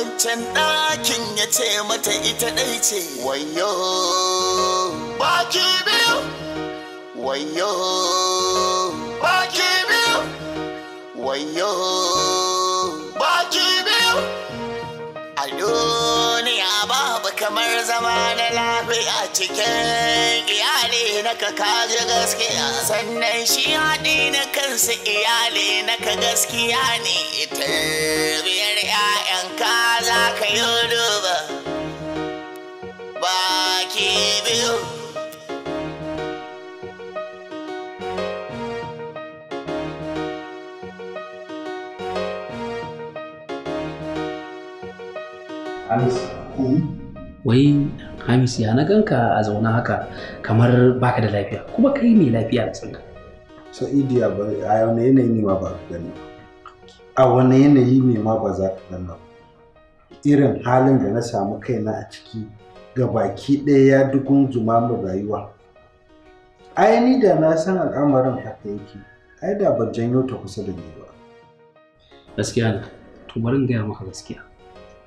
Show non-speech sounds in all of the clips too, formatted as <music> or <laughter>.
wancan ɗakin ya ce mata ita ɗai ce wayo baki biyu wayo baki biyu wayo baki biyu a duniya babu kamar zama na lafiya cikin iyali na ka kaji gaskiya sannan shi haɗi na kansa iyali na ka gaskiya ne ita 'ya'yanka za ka yi duba baki biyu eh? Wai Hamis ya na ganka a zaune haka kamar baka da lafiya kuma kai ne lafiya da so idiya ba a yau ne yanayi ne ma ba gani a wani yanayi ne ma ba za ka danna irin halin da na samu kaina a ciki ga baki ɗaya ya dugun mu rayuwa ai ni da na san al'amarin haka yake ai da ban janyo ta kusa da ni ba gaskiya ne to bari in gaya maka gaskiya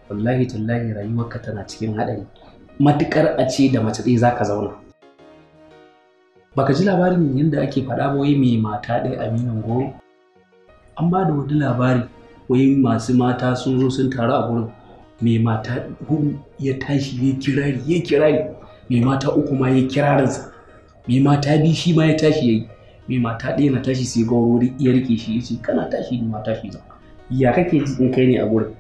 wallahi tallahi rayuwarka tana cikin haɗari matukar a ce da mace ɗaya zaka zauna baka ji labarin yadda ake faɗa boye wai mai mata ɗaya aminin goro an ba da wani labari wai masu mata sun zo sun taru a gurin mai mata hudu ya tashi ya kirari ya kirari mai mata uku ma ya kirarinsa mai mata biyu shi ma ya tashi ya yi mai mata ɗaya na tashi sai wuri ya rike shi ya ce kana tashi ni mata shi zan ya kake ji in kai ne a gurin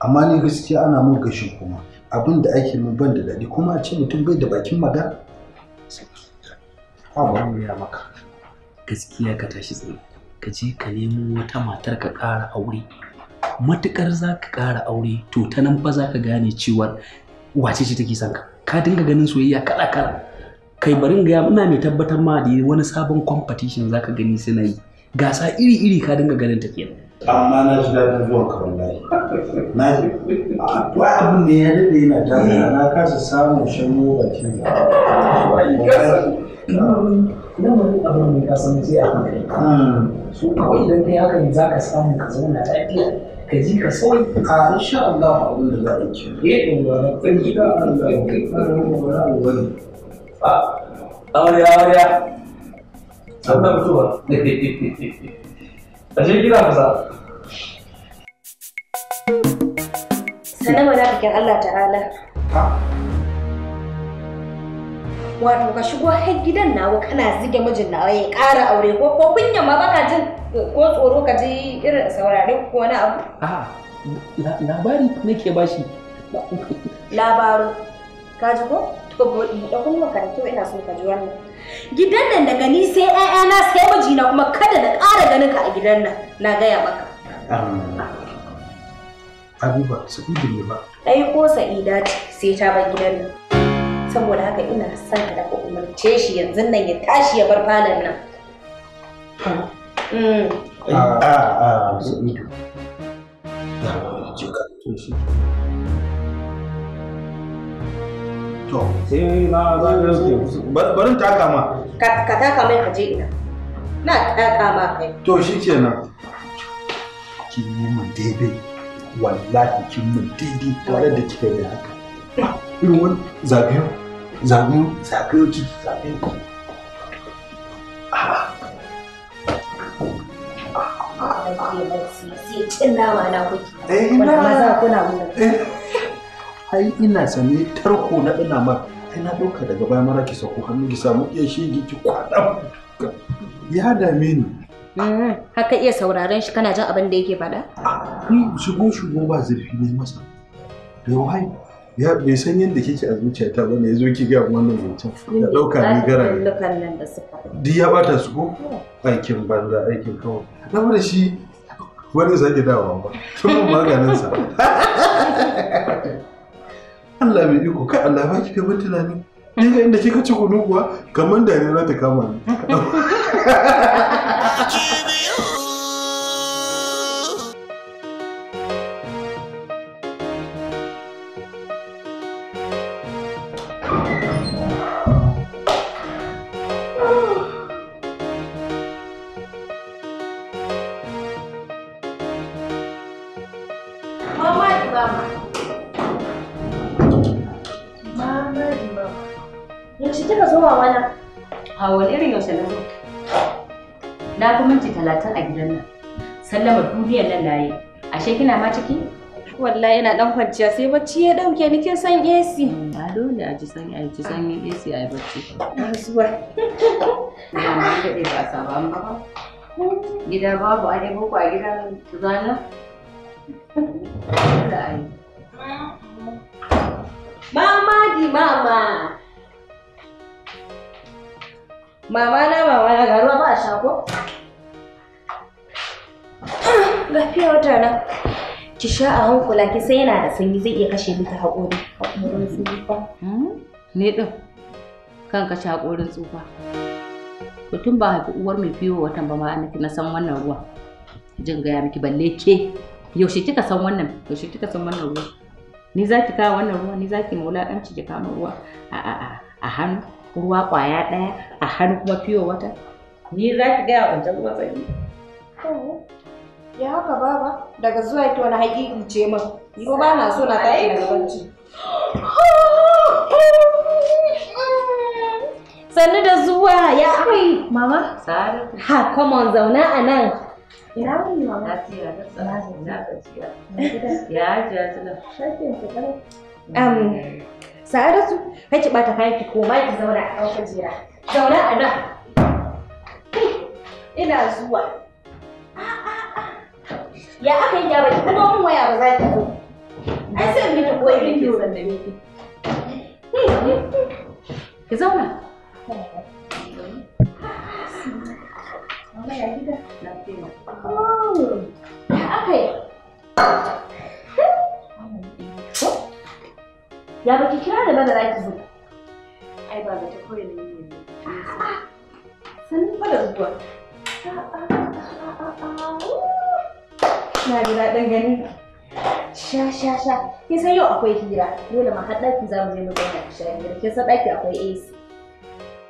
amma ni gaskiya ana mun gashin kuma abin da ake mun ban da daɗi kuma a ce mutum bai da bakin magana ha ba mu ya maka gaskiya ka tashi tsaye ka je ka nemo wata matar ka ƙara aure matukar za ka ƙara aure to ta nan fa za ka gane cewar wace ce take son ka ka dinga ganin soyayya kala kala kai barin ga ina mai tabbatar ma da wani sabon competition za ka gani suna yi gasa iri iri ka dinga ganin ta kenan amma na ji daɗin zuwa ka wallahi na ji to abin da ya daɗe yana damuwa na kasa samun shan bakin da idan wani abu ne ka san sai a hankali Su kawai idan kai haka ne za ka samu ka zauna lafiya ka ji ka sauyi a insha Allah abin da za a ci eh ba kai gida Allah ya kai ka rawa ba rawa ba a aure aure an da mutuwa a je gida ka sa sanama na bikin Allah ta'ala wato ka shigo har gidan nawa kana zige mijin nawa ya ƙara aure ko ko kunya ma baka jin ko tsoro ka ji irin saurare ko wani abu a labari nake bashi labaru ka ji ko to buɗe da kuma to ina son ka ji wannan gidan nan daga ni sai ƴaƴana sai mijina kuma kada na ƙara ganin ka a gidan nan na gaya maka Abubuwa, su ne ba. Ai ko sa'ida ce sai ta ban gidan nan. saboda haka ina son ka daga umarce shi yanzu nan ya tashi ya bar falon nan a a sa'idu to sai na za ka yi barin taka ma ka taka mai ka je ina na taka ma kai to shi kenan kin yi mun daidai wallahi kin mun daidai tare da kika yi haka irin wani zaɓen zaɓen zaɓen ki zaɓen ki ai ina sane tarko na ɗana mar ai na ɗauka daga baya mara ki sako hannu ki samu iya shege ki kwaɗa ya dame ni eh, haka iya sauraron shi kana jin abin da yake faɗa ah, ni shigo shigo ba zurfi ne masa da wai ya bai san yadda kike a zuciyata ba ne yazo ki ga wannan zancen da dauka ni gara ne duk ya bata su ko aikin banza aikin kawai na da shi wani zai dawo ba tun maganin sa <laughs> Allah mai iko kai Allah ba ki ga tunani ni ga inda kika ci kunu kuwa kamar da ne za ta kama ni <laughs> Ashe kina ma ciki? Wallahi ina dan kwanciya sai bacci ya dauke ni kin san AC. Ba dole a ji san a ji sanyin AC a yi bacci. zuwa. Ina ma dai ba sabon ba. Gida babu a dai boko a gidan zana. Mama di mama. Mama na mama na garuwa ba a ko? lafiya wata na ki sha a hankula ki sai yana da sanyi zai iya kashe miki haƙori haƙorin tsufa ne hmm? din kan kashe haƙorin tsufa to tun ba haifi uwar mai fiyo watan ba ma annaki na san wannan ruwa jin gaya miki balle ke yaushe kika san wannan yaushe kika san wannan ruwa ni za ki kawo wannan ruwa ni za ki maula dan ki kawo ruwa a a a a hannu ruwa kwaya daya a hannu kuma fiyo wata ni za ki gaya wancan ruwa sai Ya haka baba daga zuwa ita wani haƙi in ce min. Ko ba na so na tashi daga barci. Sannu da zuwa ya akai mama. Saratu. Ha come zauna a nan. Ina wani mama. Na Lafiya da tsara na gajiya. Ya ji ya tuna. Shafin ki kare. Um Saratu kai ki bata kayan ki koma ki zauna a ɗaukar jira. Zauna a nan. Ina zuwa. ya aka yi gyara baki kuma mun waya ba za ta zo ai sai mu ta koyi din doron da miki. ki zauna ya baki kira da bada zaki zo. Ai ba ta koyi ne ne. Sanin bada zuwa. Ina da daɗin ganin ka. Sha sha sha. Kin san yau akwai hira. Dole ma har ɗaki za mu je mu zauna ku sha hira. Kin san ɗaki akwai AC.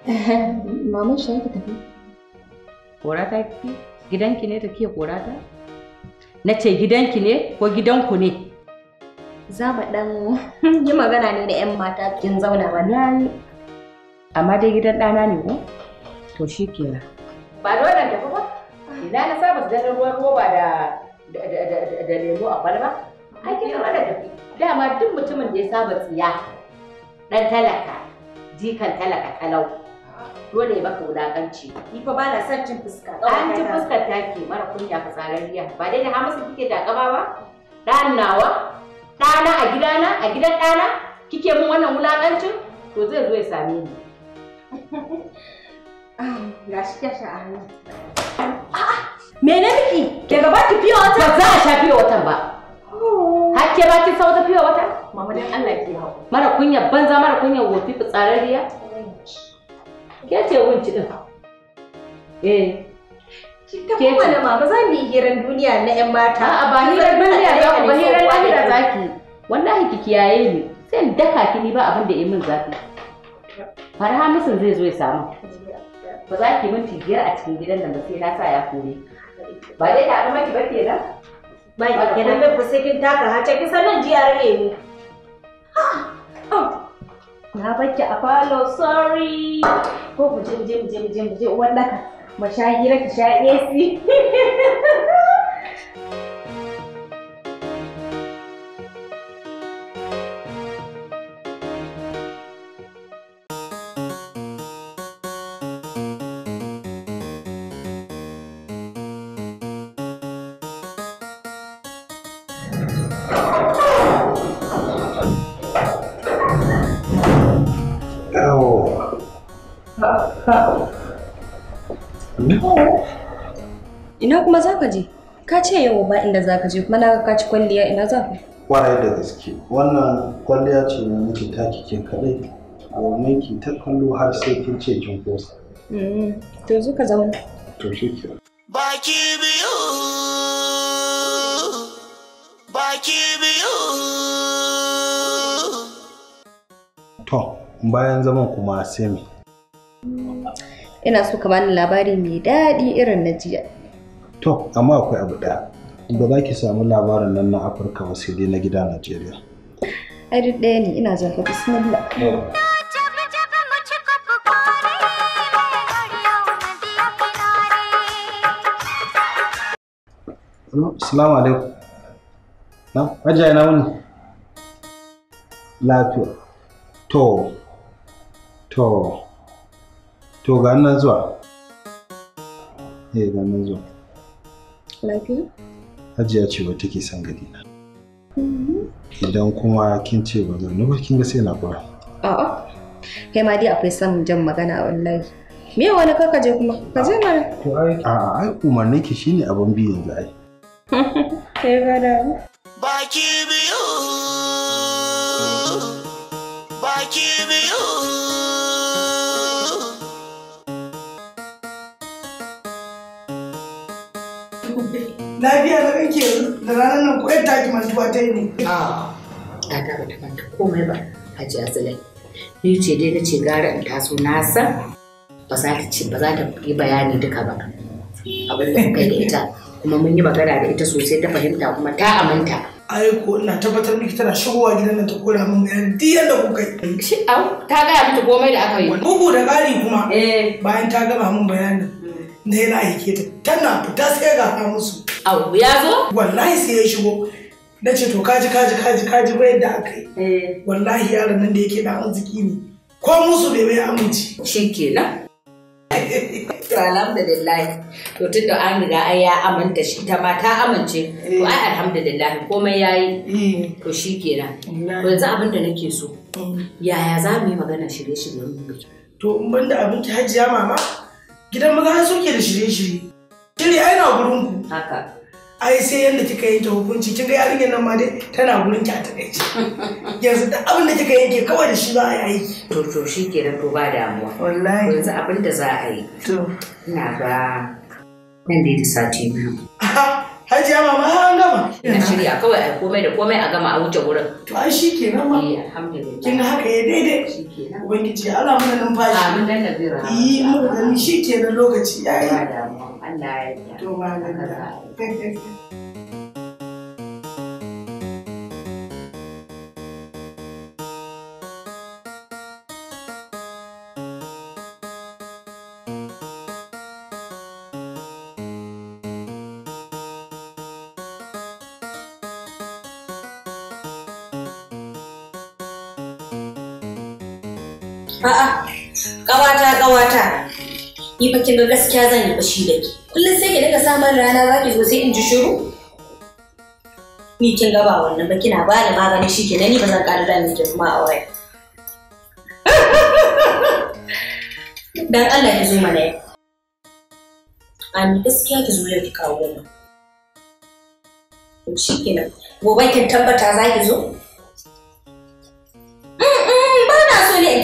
<laughs> Maman shi ta tafi. Kora ta ki? Gidanki ne ta ke kora ta? Na ce gidanki ne ko gidanku ne? Za mu ɗan <laughs> yi magana ne da 'yan mata kin zauna ba. Na yi. Amma dai gidan ɗana ne ko? To shi kenan. Ba dole tafi ba. Ina na saba da ruwan roba da da lemo a kwalba ai kin da tafi dama duk mutumin da ya saba tsiya dan talaka jikan talaka kalau dole ya baka wulakanci ni fa bana son cin fuska an ci fuskar take mara kunya ka tsarariya ba dai da hamsa kike da gaba ba dan nawa dana a gidana a gidan dana kike mun wannan wulakancin to zai zo ya same ni <laughs> ah, gashi kashe a hannu ah! Me na miki? Ke gaba ki fiye wata? Ba za a sha fiye watan ba. Hakke ba ki wata fiye wata? Mama dan Allah ki hau. Mara kunya banza mara kunya wofi fitsararriya? Ke ce wunci din. Eh. Ke ta kuma mama zan yi hirar duniya na ƴan mata. A'a ba hirar duniya za ku ba hirar lahira za ki. Wallahi ki kiyaye ni. Sai in daka ki ni ba abin da ya min zafi. Farha musun zai zo ya samu. Ba za ki minti biyar a cikin gidan nan ba sai na sa ya kore. ba dai tare maki ba ke nan ba ki kenan ba sai kin taka hace kin san nan jiya rage ni ah, ah. na bakki a falo sorry ko ku jim jim jim jim je uwar daka mashahira ki sha AC <laughs> kuma za ka je? Ka ce yau ba inda za ka je kuma na ka ci kwalliya ina za ka? Kwarai da gaske. Wannan kwalliya ce na miki ta kike kaɗai. A wannan ki ta kallo har sai kin ce kin kosa. Mm-hmm. To zo ka zauna. To shi ke. Baki biyu. Baki biyu. To, bayan zaman kuma sai me? Ina so ka bani labari mai daɗi irin na jiya. to amma akwai abu ɗaya ba za ki samu labarin nan na afirka ba sai dai na gida najeriya ai duk ɗaya ne ina zafi bismillah Assalamu alaikum. Na, ajiya na wani? Lafiya. To, to, to ga nan zuwa. Eh, ga nan zuwa. Lafiya? Hajiya ce wata take son gadi na. Mm-hmm. Idan kuma kin ce ba zan ba kin ga sai na fara. A'a. Kai ma dai akwai son jan magana wallahi. Me wani kaka je kuma? Ka je mana. To ai a'a ai umarni ki shine abin bi yanzu ai. <laughs> Kai ba da. Baki biyu. Baki biyu. lafiya na kake da ranar nan ko ta ki masu ta ne a ta ta bata manta komai ba haji azalai ni ce dai na ce gara in taso na san ba za ta ce ba za ta yi bayani duka ba abin da kai da ita kuma mun yi magana da ita sosai ta fahimta kuma ta aminta ai ko ina tabbatar miki tana shigowa gidan nan ta kora min bayani duk yadda kuka yi ta gaya miki komai da aka yi bugu da ƙari kuma eh. bayan ta gama min bayanin na yana aike ta tana fita sai ga ka musu abu ya zo wallahi sai ya shigo na ce to kaji kaji kaji kaji ba yadda aka yi eh. wallahi yaron nan da yake da arziki ne ko musu bai bai aminci shikenan to alhamdulillah to tunda an riga ai ya amanta shi ta ma ta amince to ai eh. alhamdulillah komai yayi eh. to shikenan yanzu abin da nake so mm. yaya za mu yi magana shirye-shiryen mu to in banda abinci hajiya mama gidan maza ai suke da shirye-shirye shirye ai na gurin ku haka ai sai yanda kika yanke hukunci kin ga yarinyar nan ma dai tana gurin ki a takaice yanzu da abin da kika yanke kawai da shi za a yi aiki to to shi kenan to ba damuwa wallahi yanzu abin da za a yi to ina ga nan da sati biyu hajiya ma har an gama ina shirya kawai a komai da komai a gama a wuce wurin to ai shi kenan ma eh, kin haka ya daidai ubangiji Allah mana numfashi amin dan da zira yi muku gani shi lokaci yayi Allah ya to ma <laughs> A'a, ƙawata ƙawata. Ni fa kin ga gaskiya zan yi bashi da ki. Kullum sai ki daga samun rana za ki zo sai in ji shiru. Ni kin ga ba wannan ba kina ba da magani shi kenan ni ba zan ƙara da miki kuma a waya. <laughs> Dan Allah ki zo mana yau. Ani gaskiya ki zo yau ki kawo mu. shi kenan. Gobe kin tabbata za ki zo?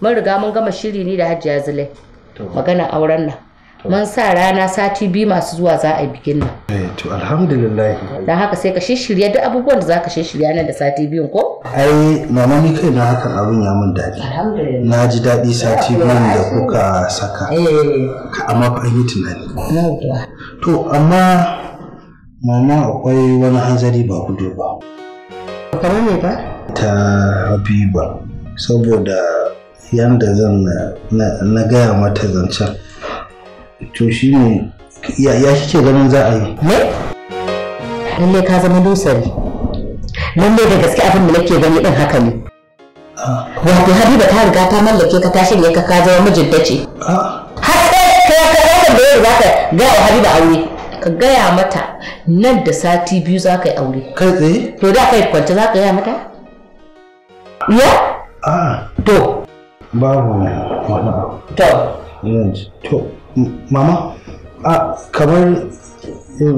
mun riga mun gama shiri ni da hajiya zule magana auren nan mun sa rana sati biyu masu zuwa za a bikin nan eh, to alhamdulillah dan haka sai ka shirya duk abubuwan da zaka shirya nan da sati biyun ko ai mama ni kai na hakan abin ya mun dadi na ji dadi sati biyun da kuka saka ka eh. amma fa an yi tunani to amma mama akwai wani hanzari ba gudu ba kamar me ba ta habiba saboda yadda zan na gaya mata zancen to shi ne ya kike ganin za a yi ne lallai ka zama dusari lallai da gaske abin da nake gani din haka ne ah. wato habiba ta riga ta mallake ka ta shirya ka ka zama mijinta ce ah. har sai ka ka ka da yau za ka gaya wa habiba aure ka gaya mata nan da sati biyu za ka yi aure kai tsaye to da ka yi kwance za ka gaya mata ya ah. to babu wani to yanzu to mama a kamar eh,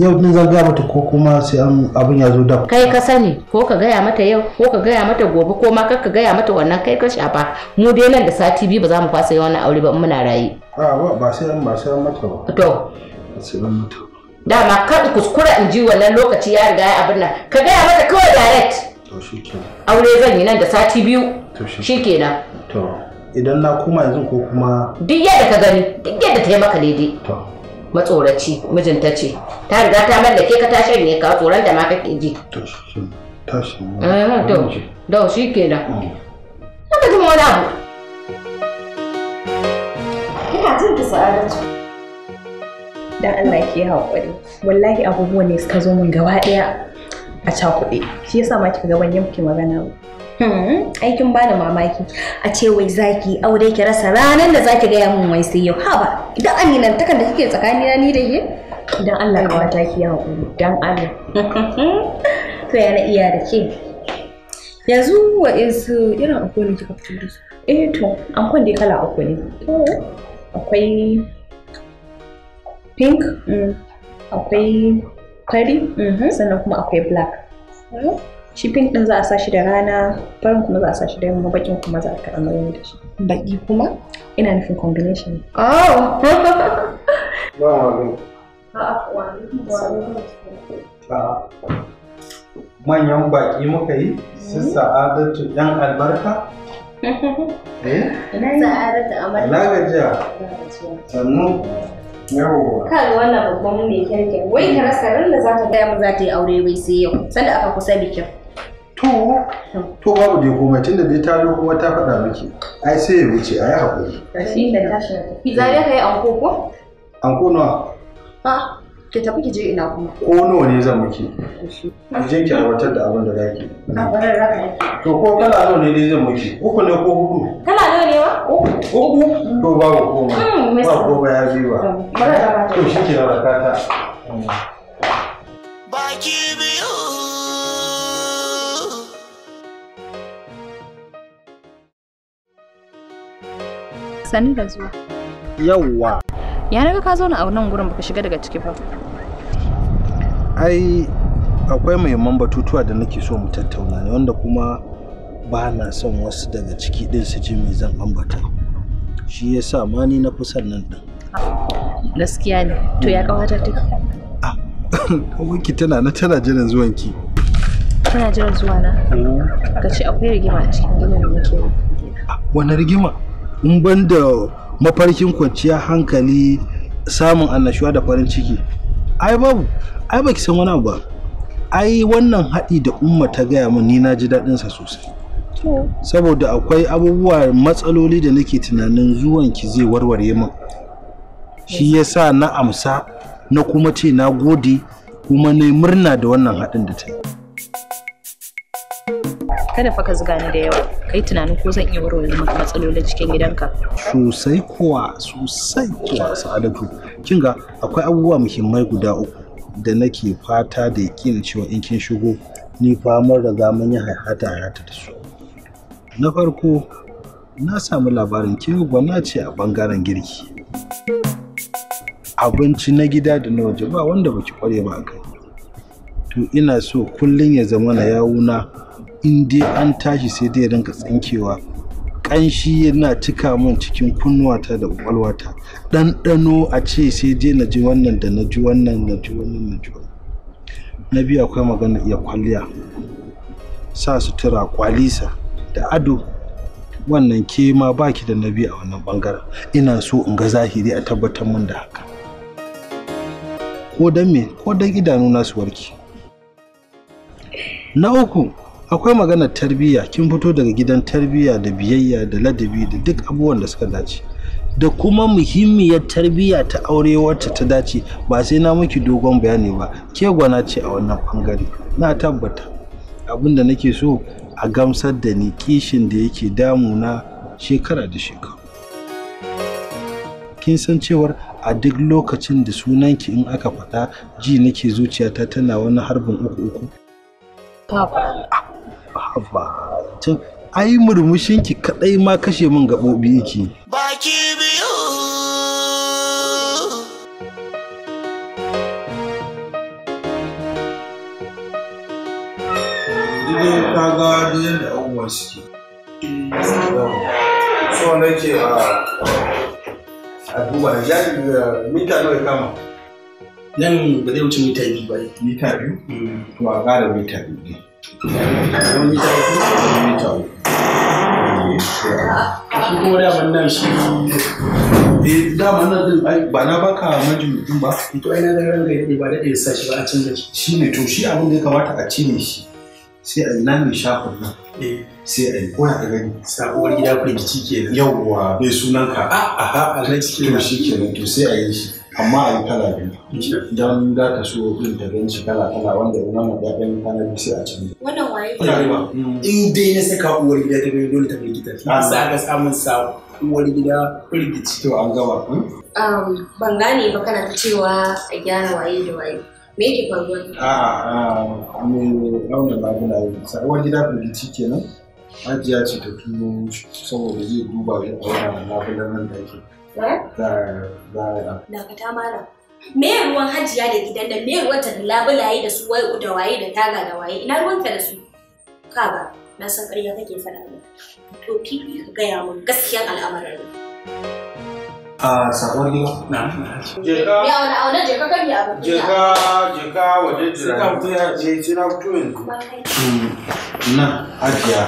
yau din zan gaya mata ko kuma sai abin ya zo da kai ka sani ko ka gaya mata yau ko ka gaya mata gobe ko ma ka gaya mata wannan kai ka shafa mu dai nan da sati biyu ba za mu kwasa yawan aure ba in muna raye a ba ba sai an ba sai an mata ba to sai an mata dama kada kuskura in ji wannan lokaci ya riga ya abin nan ka gaya mata kawai direct to aure zan yi nan da sati biyu shi shikenan to idan na koma yanzu ko kuma duk yadda ka gani duk yadda ta yi maka daidai to matsoraci mijinta ce ta riga ta mallake ka tashi ne ka tsoron da ma kake ji to shikenan tashi eh, to to shikenan mm. haka jin wani abu ina jin ki sa'adatu dan Allah ke haƙuri wallahi abubuwan ne suka zo min gaba ɗaya a cakuɗe shi yasa ma kika ga ban yanke magana ba hmm, aikin bani mamaki a ce wai zaki aure ki rasa ranar da zaki gaya min wai sai yau haba idan aminan takan da kike tsakani na ni da ke idan Allah ka wata ki hakuri dan Allah <laughs> to ya na iya da ke yanzu wa isu irin akwai ne kika fito da su eh to an kwan dai kala akwai ne akwai pink mm. akwai fari mhm. sannan kuma akwai black shi pink din za a sa shi da rana farin kuma za a sa shi da yamma bakin kuma za a ka amarin da shi baki kuma ina nufin combination oh manyan baki muka yi mhm. su sa'adatu yan albarka <laughs> eh sa'adatu amarya na gajiya sannu kan wannan babban mai kyarke wai ka rasa ran da za ta gaya mu za ta yi aure bai sai yau sanda aka kusa bikin to to babu dai komai tunda dai ta kuma ta faɗa miki ai sai ya wuce ai hakuri shi da tashi na zare ka yi anko ko anko nawa a ki tafi ki je ina kuma ko nawa ne zan miki ki je ki rawatar da abin da zaki na barin raka to ko kala nawa ne ne zan miki uku ne ko hudu kala nawa ne wa uku to babu koma hmm, ba ba ya da ba to shi ke rakata baki biyu sani da zuwa. Yawwa, ya naga ka zauna a nan gurin baka shiga daga ciki ba ai akwai muhimman batutuwa da nake so mu tattauna ne wanda kuma ba na son wasu daga ciki din su ji me zan ambata shi yasa ma ni na fi son nan din gaskiya ne to ya kawata take ah <laughs> wanki tana na tana jiran zuwanki tana jiran zuwa na mm. ka ce akwai rigima a cikin gidan da nake ah, wani rigima in ban da mafarkin kwanciya hankali samun annashuwa da farin ciki ai babu ai baki san wani abu ba ai wannan haɗi da umma ta gaya min ni na ji sa sosai saboda akwai abubuwa matsaloli da nake tunanin zuwan ki zai warware min shi yasa na amsa na kuma ce na gode kuma na murna da wannan haɗin da ta yi kada fa ka zuga ni da yawa ka yi tunanin ko zan iya warware maka matsalolin cikin gidanka sosai kuwa sosai kuwa sa'adatu kin ga akwai abubuwa muhimmai guda uku da nake fata da yakin cewa in kin shigo ni fa mun riga mun yi haihata haihata da su na farko na samu labarin kin gwana ce a bangaren girki abinci na gida da na waje ba wanda baki kware ba a kai to ina so kullum ya zama na yawuna in dai an tashi sai dai rinka tsinkewa ƙanshi yana cika min cikin kunnuwata da ƙwaƙwalwata ɗanɗano a ce sai dai na ji wannan da na ji wannan na ji wannan na ji na biyu akwai magana iya kwalliya sa su tura kwalisa da ado wannan ke ma baki da nabi a wannan bangaren ina so in ga zahiri a tabbatar min da haka ko don me ko don idanu na su warke na uku akwai maganar tarbiyya kin fito daga gidan tarbiyya da biyayya da ladabi da duk abubuwan da suka dace da kuma muhimmiyar tarbiyya ta aure wacce ta dace ba sai na miki dogon bayani ba ke gwana ce a wannan bangare na tabbata abin da nake so a gamsar da ni kishin da yake damu na shekara da shekaru kin san cewar a duk lokacin da sunanki in aka faɗa ji nake zuciyata tana wani harbin uku uku Haba, can ai murmushinki kaɗai ma kashe min gaɓoɓi yake. Baki biyu. Dide ta ga yadda abubuwan suke. So nake ah, a duba, ya eh, mita nawa kama. nan ba zai wuce mita biyu ba mita biyu hmm. to a ƙara mita biyu ne mita biyu mita uku eh, shi kuma da wannan shi eh da wannan din ba na baka majalisun ba to ai na da ran ba da shi ba a can da shi ne to abin da ya kamata a cire shi sai a yi nan shafin eh. sai a yi koya a gani sabuwar gida firgici kenan yawwa bai sunanka a'a ah, alhaji kenan to sai a yi shi amma a yi kala biyu don za ka so ɗin ta ganci kala kala wanda ina wannan da gani kana biyu sai a can wannan waye ba mm. in dai na saka uwar gida ta gani dole ta firgita sa ka samun sa uwar gida firgici to an gaba hmm? um, ban gane ba kana ta cewa a gyara waye da waye me yake faruwa a a um, me launin labula yi uwar gida firgici kenan ajiya ce ta tuno saboda zai duba ya ɗaura labulan nan da ke. Eh? Dakata malam. Me ruwan hajiya da gidan nan me ruwan labulaye da su wai da waye da taga da waye ina ruwan ka da su? Ka ba, na san ƙarya kake faɗa min. To fili ka gaya min gaskiyan al'amarin. A sabon gida? Na. Jeka. Ya wani auna jeka kan yi abin. Jeka jeka waje jira. Suka fito ya je sai na fito yanzu. Hmm, na hajiya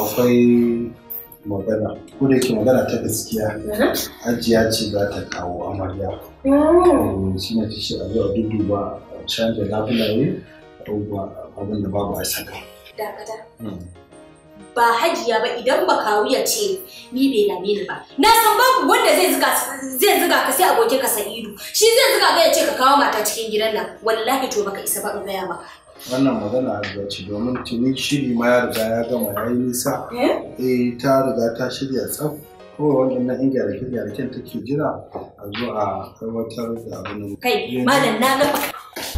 akwai magana ko da yake magana ta gaskiya ajiya ce za ta kawo amarya oh. eh, shi na ta ce a zuwa duduba a canza labulaye a duba abin da babu a saka hmm. ba hajiya ba idan ba ya ce ni bai dame ni ba na san babu wanda zai zuga zai zuga ka sai abokin ka sa'idu shi zai zuga ga ya ce ka kawo mata cikin gidan nan wallahi to baka isa ba in gaya maka wannan magana a ci domin tuni shiri ma ya riga ya gama ya yi nisa eh, eh ta riga ta shirya tsaf kawai da yan da kenta ke jira a zo a aiwatar da abin kai malam na ga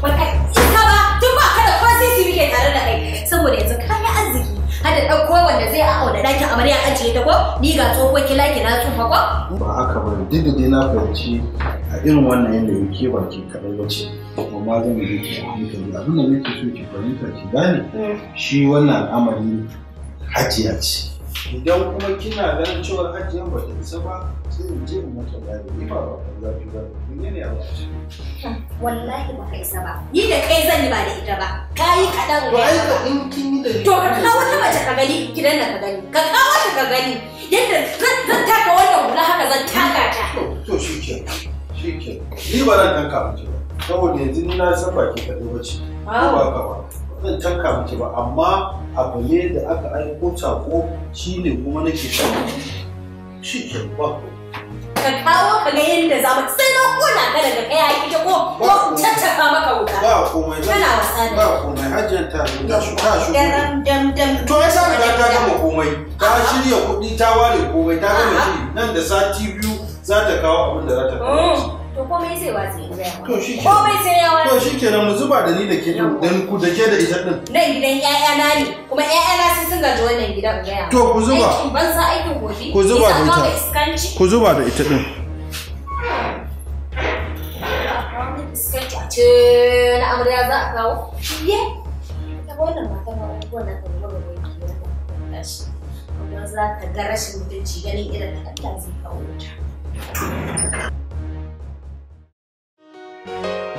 baka isa ba tun ba kada kwasi kwasi muke tare da kai saboda yanzu kayan arziki har da ɗauko wanda zai a auna ɗakin amarya ajiye ta ko ni ga tsoho kila ki na tsufa ko. ba haka ba duk da dai na fahimci a irin wannan yanayin ke baki ke kaɗai ba ce amma zan yi ki a hankali abin da nake so ki fahimta ki gane mm. shi wannan al'amari hajiya ce. idan kuma kina ganin cewa hajiyan ba ta isa ba sai in je in mata gari ni ba ba kan zafi ba kun ne a wace wallahi ba ka isa ba ni da kai zan yi ba da ita ba kayi kadan ba ai ka in kin yi da gidan da ka gani ka kawo ta ka gani yadda zan taka wannan hula haka zan taka ta to shi ke shi ke ni ba zan tanka miki ba saboda yanzu ni na san baki ka dai bace ba ka ba zan tanka miki ba amma abu ne da aka aiko sako shine kuma nake son shi ke ba ka kawo ka ga yadda za mu sai na kona ka daga kai haƙi ta ko ko caccaka maka wuta ba komai kana wasa da ba komai hajjan ta ta shu ta shu dam dam dam to ai sa ga ta gama komai ta shirya kuɗi ta ware komai ta gama shiri nan da sati biyu za ta kawo abin da za ta kawo mm. to komai zai ba watsi in gaya to shi komai sai ya watsi to shi kenan mu zuba da ni da ke dan ku da ke da ita din nan gidan ƴaƴa na ne kuma ƴaƴa na sun sun gaji wannan gidan gaya to ku zuba aikin ban sa aikin gobe ku zuba da ita ku zuba da ita din ce na amarya za a kawo ye ta wannan mata ba wannan kan gaba da yake da shi, amma za ta ga rashin mutunci ganin irin da Allah zai kawo ta Thank you.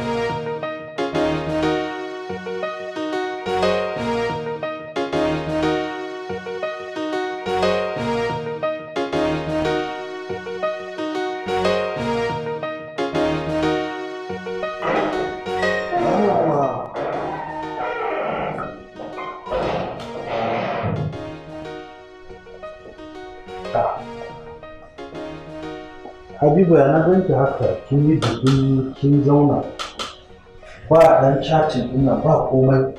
habibu ya na ganki haka kin yi bikin kin zauna ba dan chatin ina ba komai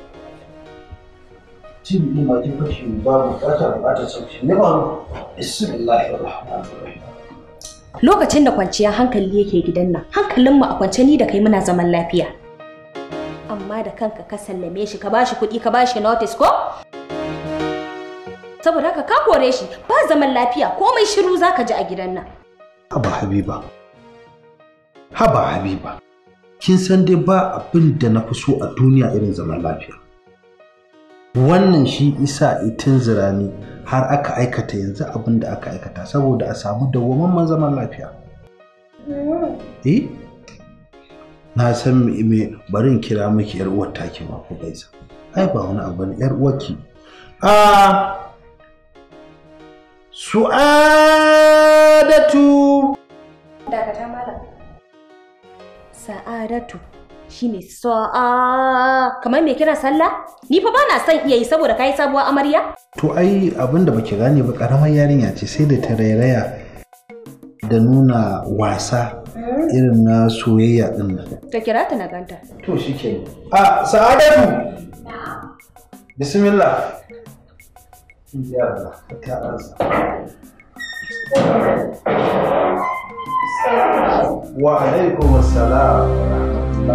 cin ɗin kin fashi ba bukatar bukatar sauki ne ba bismillahir rahmanir rahim lokacin da kwanciya hankali yake gidan nan hankalin mu a kwance ni da kai muna zaman lafiya amma da kanka ka sallame shi ka bashi kuɗi ka bashi notice ko saboda haka ka kore shi ba zaman lafiya komai shiru zaka ji a gidan nan haba habiba haba habiba kin san dai ba abin da na fi so a duniya irin zaman lafiya wannan shi isa itin zirani har aka aikata yanzu abin da aka aikata saboda a samu dawwamamman zaman lafiya eh na san me bari in kira miki yar uwar taki ma ko gaisa ai ba wani abu ne yar uwarki a ah! su'a Sa'adatu. Dakata malam. Sa'adatu shine sa'a kamar me kira sallah? Ni fa bana son iya yi saboda kai sabuwa amarya. To ai abinda baki gane ba karamar yarinya ce sai da ta rairaya da nuna wasa hmm. irin na soyayya din nan. Ta kira ta na ganta. To shike. A Sa'adatu. Bismillah. Ya Allah, ta wa alaikum assalam wa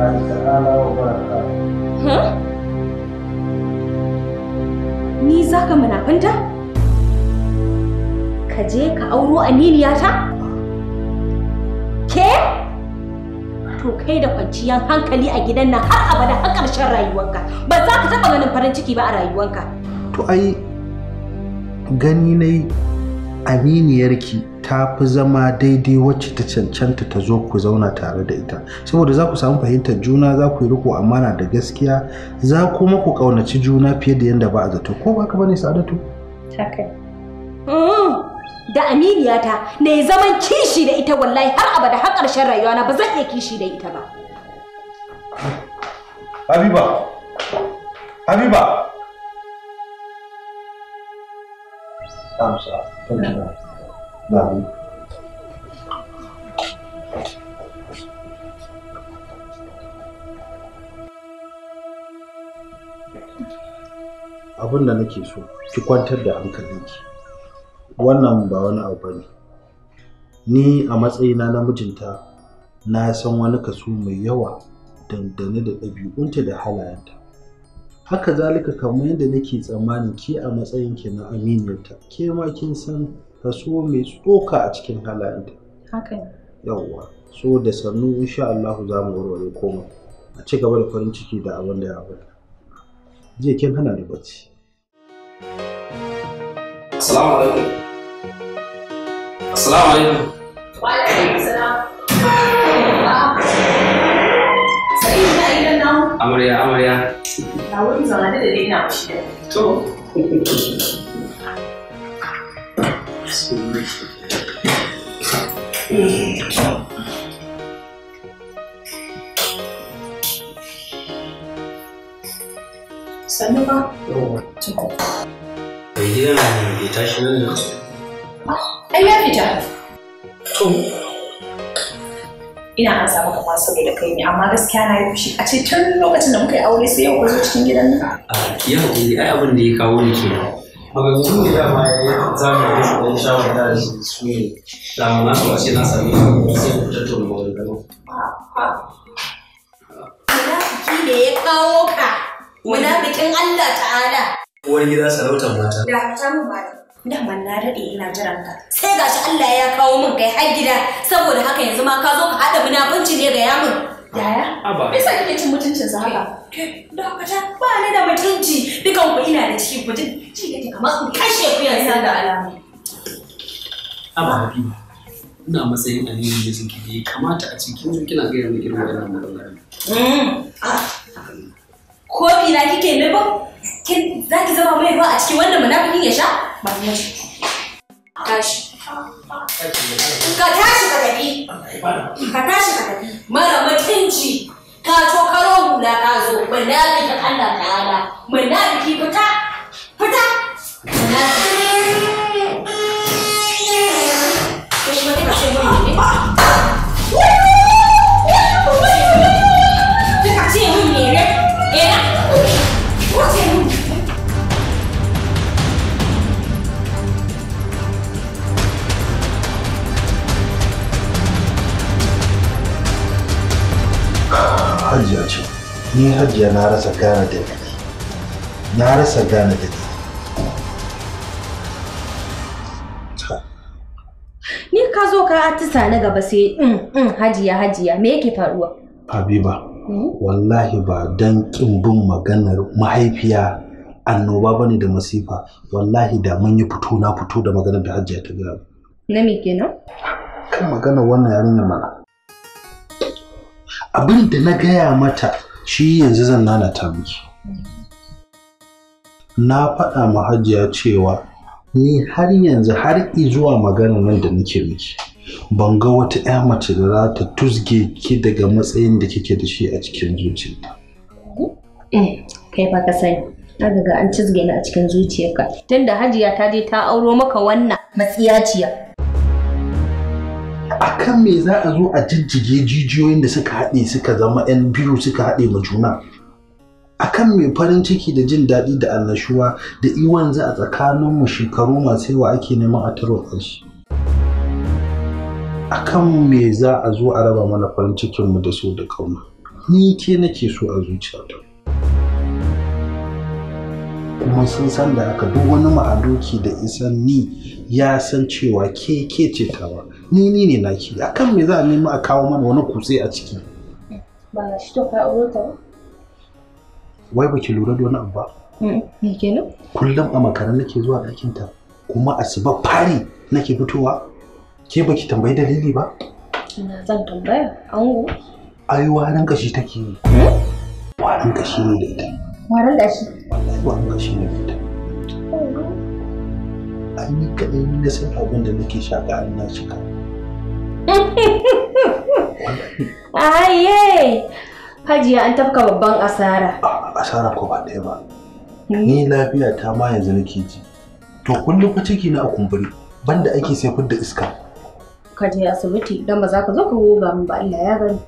rahmatullahi wa barakatuh ni zaka munafanta ka je ka auro amiliya ta ke to kai da kwanciyar hankali a gidan nan har abada har ƙarshen rayuwarka, ba za ka taɓa ganin farin ciki ba a rayuwanka to ai gani na yi aminiyarki ta fi zama daidai wacce ta cancanta ta zo ku zauna tare da ita saboda za ku samu fahimtar juna za ku yi riko amana da gaskiya za kuma ku ƙaunaci juna fiye da yadda ba a zato ko ba ka bane sa'adatu mm-hmm. da aminiyata ne zaman kishi da ita wallahi har abada har ƙarshen rayuwa na ba zan iya kishi da ita ba habiba habiba Kamsa, Abin da nake so, ki kwantar da hankalinki. Wannan ba wani abu ne. Ni a matsayina na mijinta na san wani kaso mai yawa dangane da ɗabi'unta da halayenta. haka zalika kamar yadda nake tsammani ke a matsayin ke na aminiyarta ke ma kin san kaso mai tsoka a cikin halayenta haka yawwa so da sannu insha Allah za mu warware komai a ci gaba da farin ciki da abin da ya faru jiya kin hana ni bacci assalamu alaikum assalamu alaikum wa alaikum assalam amarya amarya 什么吗？不一人比他学院的好。啊，哎，呀，比这样。ina an samu kafa saboda kai ne amma gaskiya na yi fushi a ce tun lokacin da muka yi aure sai yau ka zo cikin gidan nan ya ai abin da ya kawo ni kenan maganzu ne ma ya yi da su ɗan shawar da su ne na so a ce na sami sai ku tattauna maganganu munafiki ne ya kawo ka bikin Allah ta'ala uwar gida sarautar mata da ta mu mata Dama na daɗe ina jiran ka. Sai gashi Allah ya kawo min kai har gida saboda haka yanzu ma ka zo ka haɗa munafunci ne ga yamin. Yaya? Aba. Me yasa kike cin sa haka? ta ba ni da mutunci dukan ku ina da ciki ku ji ji kake kamar ku kashe ku yanzu da alamu. Aba Habiba. Ina matsayin aliyu da suke da kamata a cikin su kina gaya min irin wannan magana. bi hmm. ah. na kike nufin? Za ki zama mai ruwa a cikin wannan munafikin ya sha? ka tashi ka tafi ka tashi ka tafi mara mutunci ka to karo hula ka zo munafiki Allah ta'ala munafiki ta. hajiya ce ni hajiya na rasa gane da ni na rasa gane da ni ni ka zo ka atisa na gaba sai in mm, in mm, hajiya hajiya me yake faruwa habiba hmm? wallahi ba dan kin bin maganar mahaifiya annoba bane da masifa wallahi da mun yi fito na fito da maganar da hajiya ta gaba na me kenan kan maganar wannan yarinya mana abin da na gaya mata shi yanzu zan nanata miki na faɗa ma hajiya cewa ni har yanzu har zuwa magana nan da nake miki ban ga wata 'ya mace da za ta tusge ki daga matsayin da kike da shi a cikin zuciyarta. Eh, kai ba ka sani na ga an cizge ni a cikin zuciyarka tunda hajiya ta je ta auro maka wannan matsiyaciya akan me za a zo a jijjige jijiyoyin da suka haɗe suka zama 'yan biyu suka haɗe ma juna akan me farin ciki da jin daɗi da annashuwa da iwan za a mu shekaru masu yawa ake neman a tarwatsa shi akan me za a zo a raba mana farin cikin mu da so da kauna ni ke nake so a zuciyata kuma sun san da haka duk wani ma'adoki da isan ni ya san cewa ke ke ce tawa ni ni ne naki akan me za a nemi a kawo mana wani kutse a ciki ba shi to ka aure ta wai ki lura da wani abu ba mm, me kenan kullum a makaran nake zuwa ɗakin ta kuma asuba fari nake fitowa ke baki tambayi dalili ba ina zan tambaya ango ai warin shi take yi hmm? ranka shi ne da ita Waran da shi. Wannan shi ne fita. An yi kaɗai ni na san abin da nake shaƙa na shiga. <laughs> Aye! Hajiya an tafka babban asara. Ah, asara ko ba ɗaya ba. Hmm. Ni lafiya ta ma yanzu nake ji. To kullum fa ciki na a kumburi banda ake sai da iska. Ka je asibiti idan ba za ka zo ka goga min ba Allah ya gani.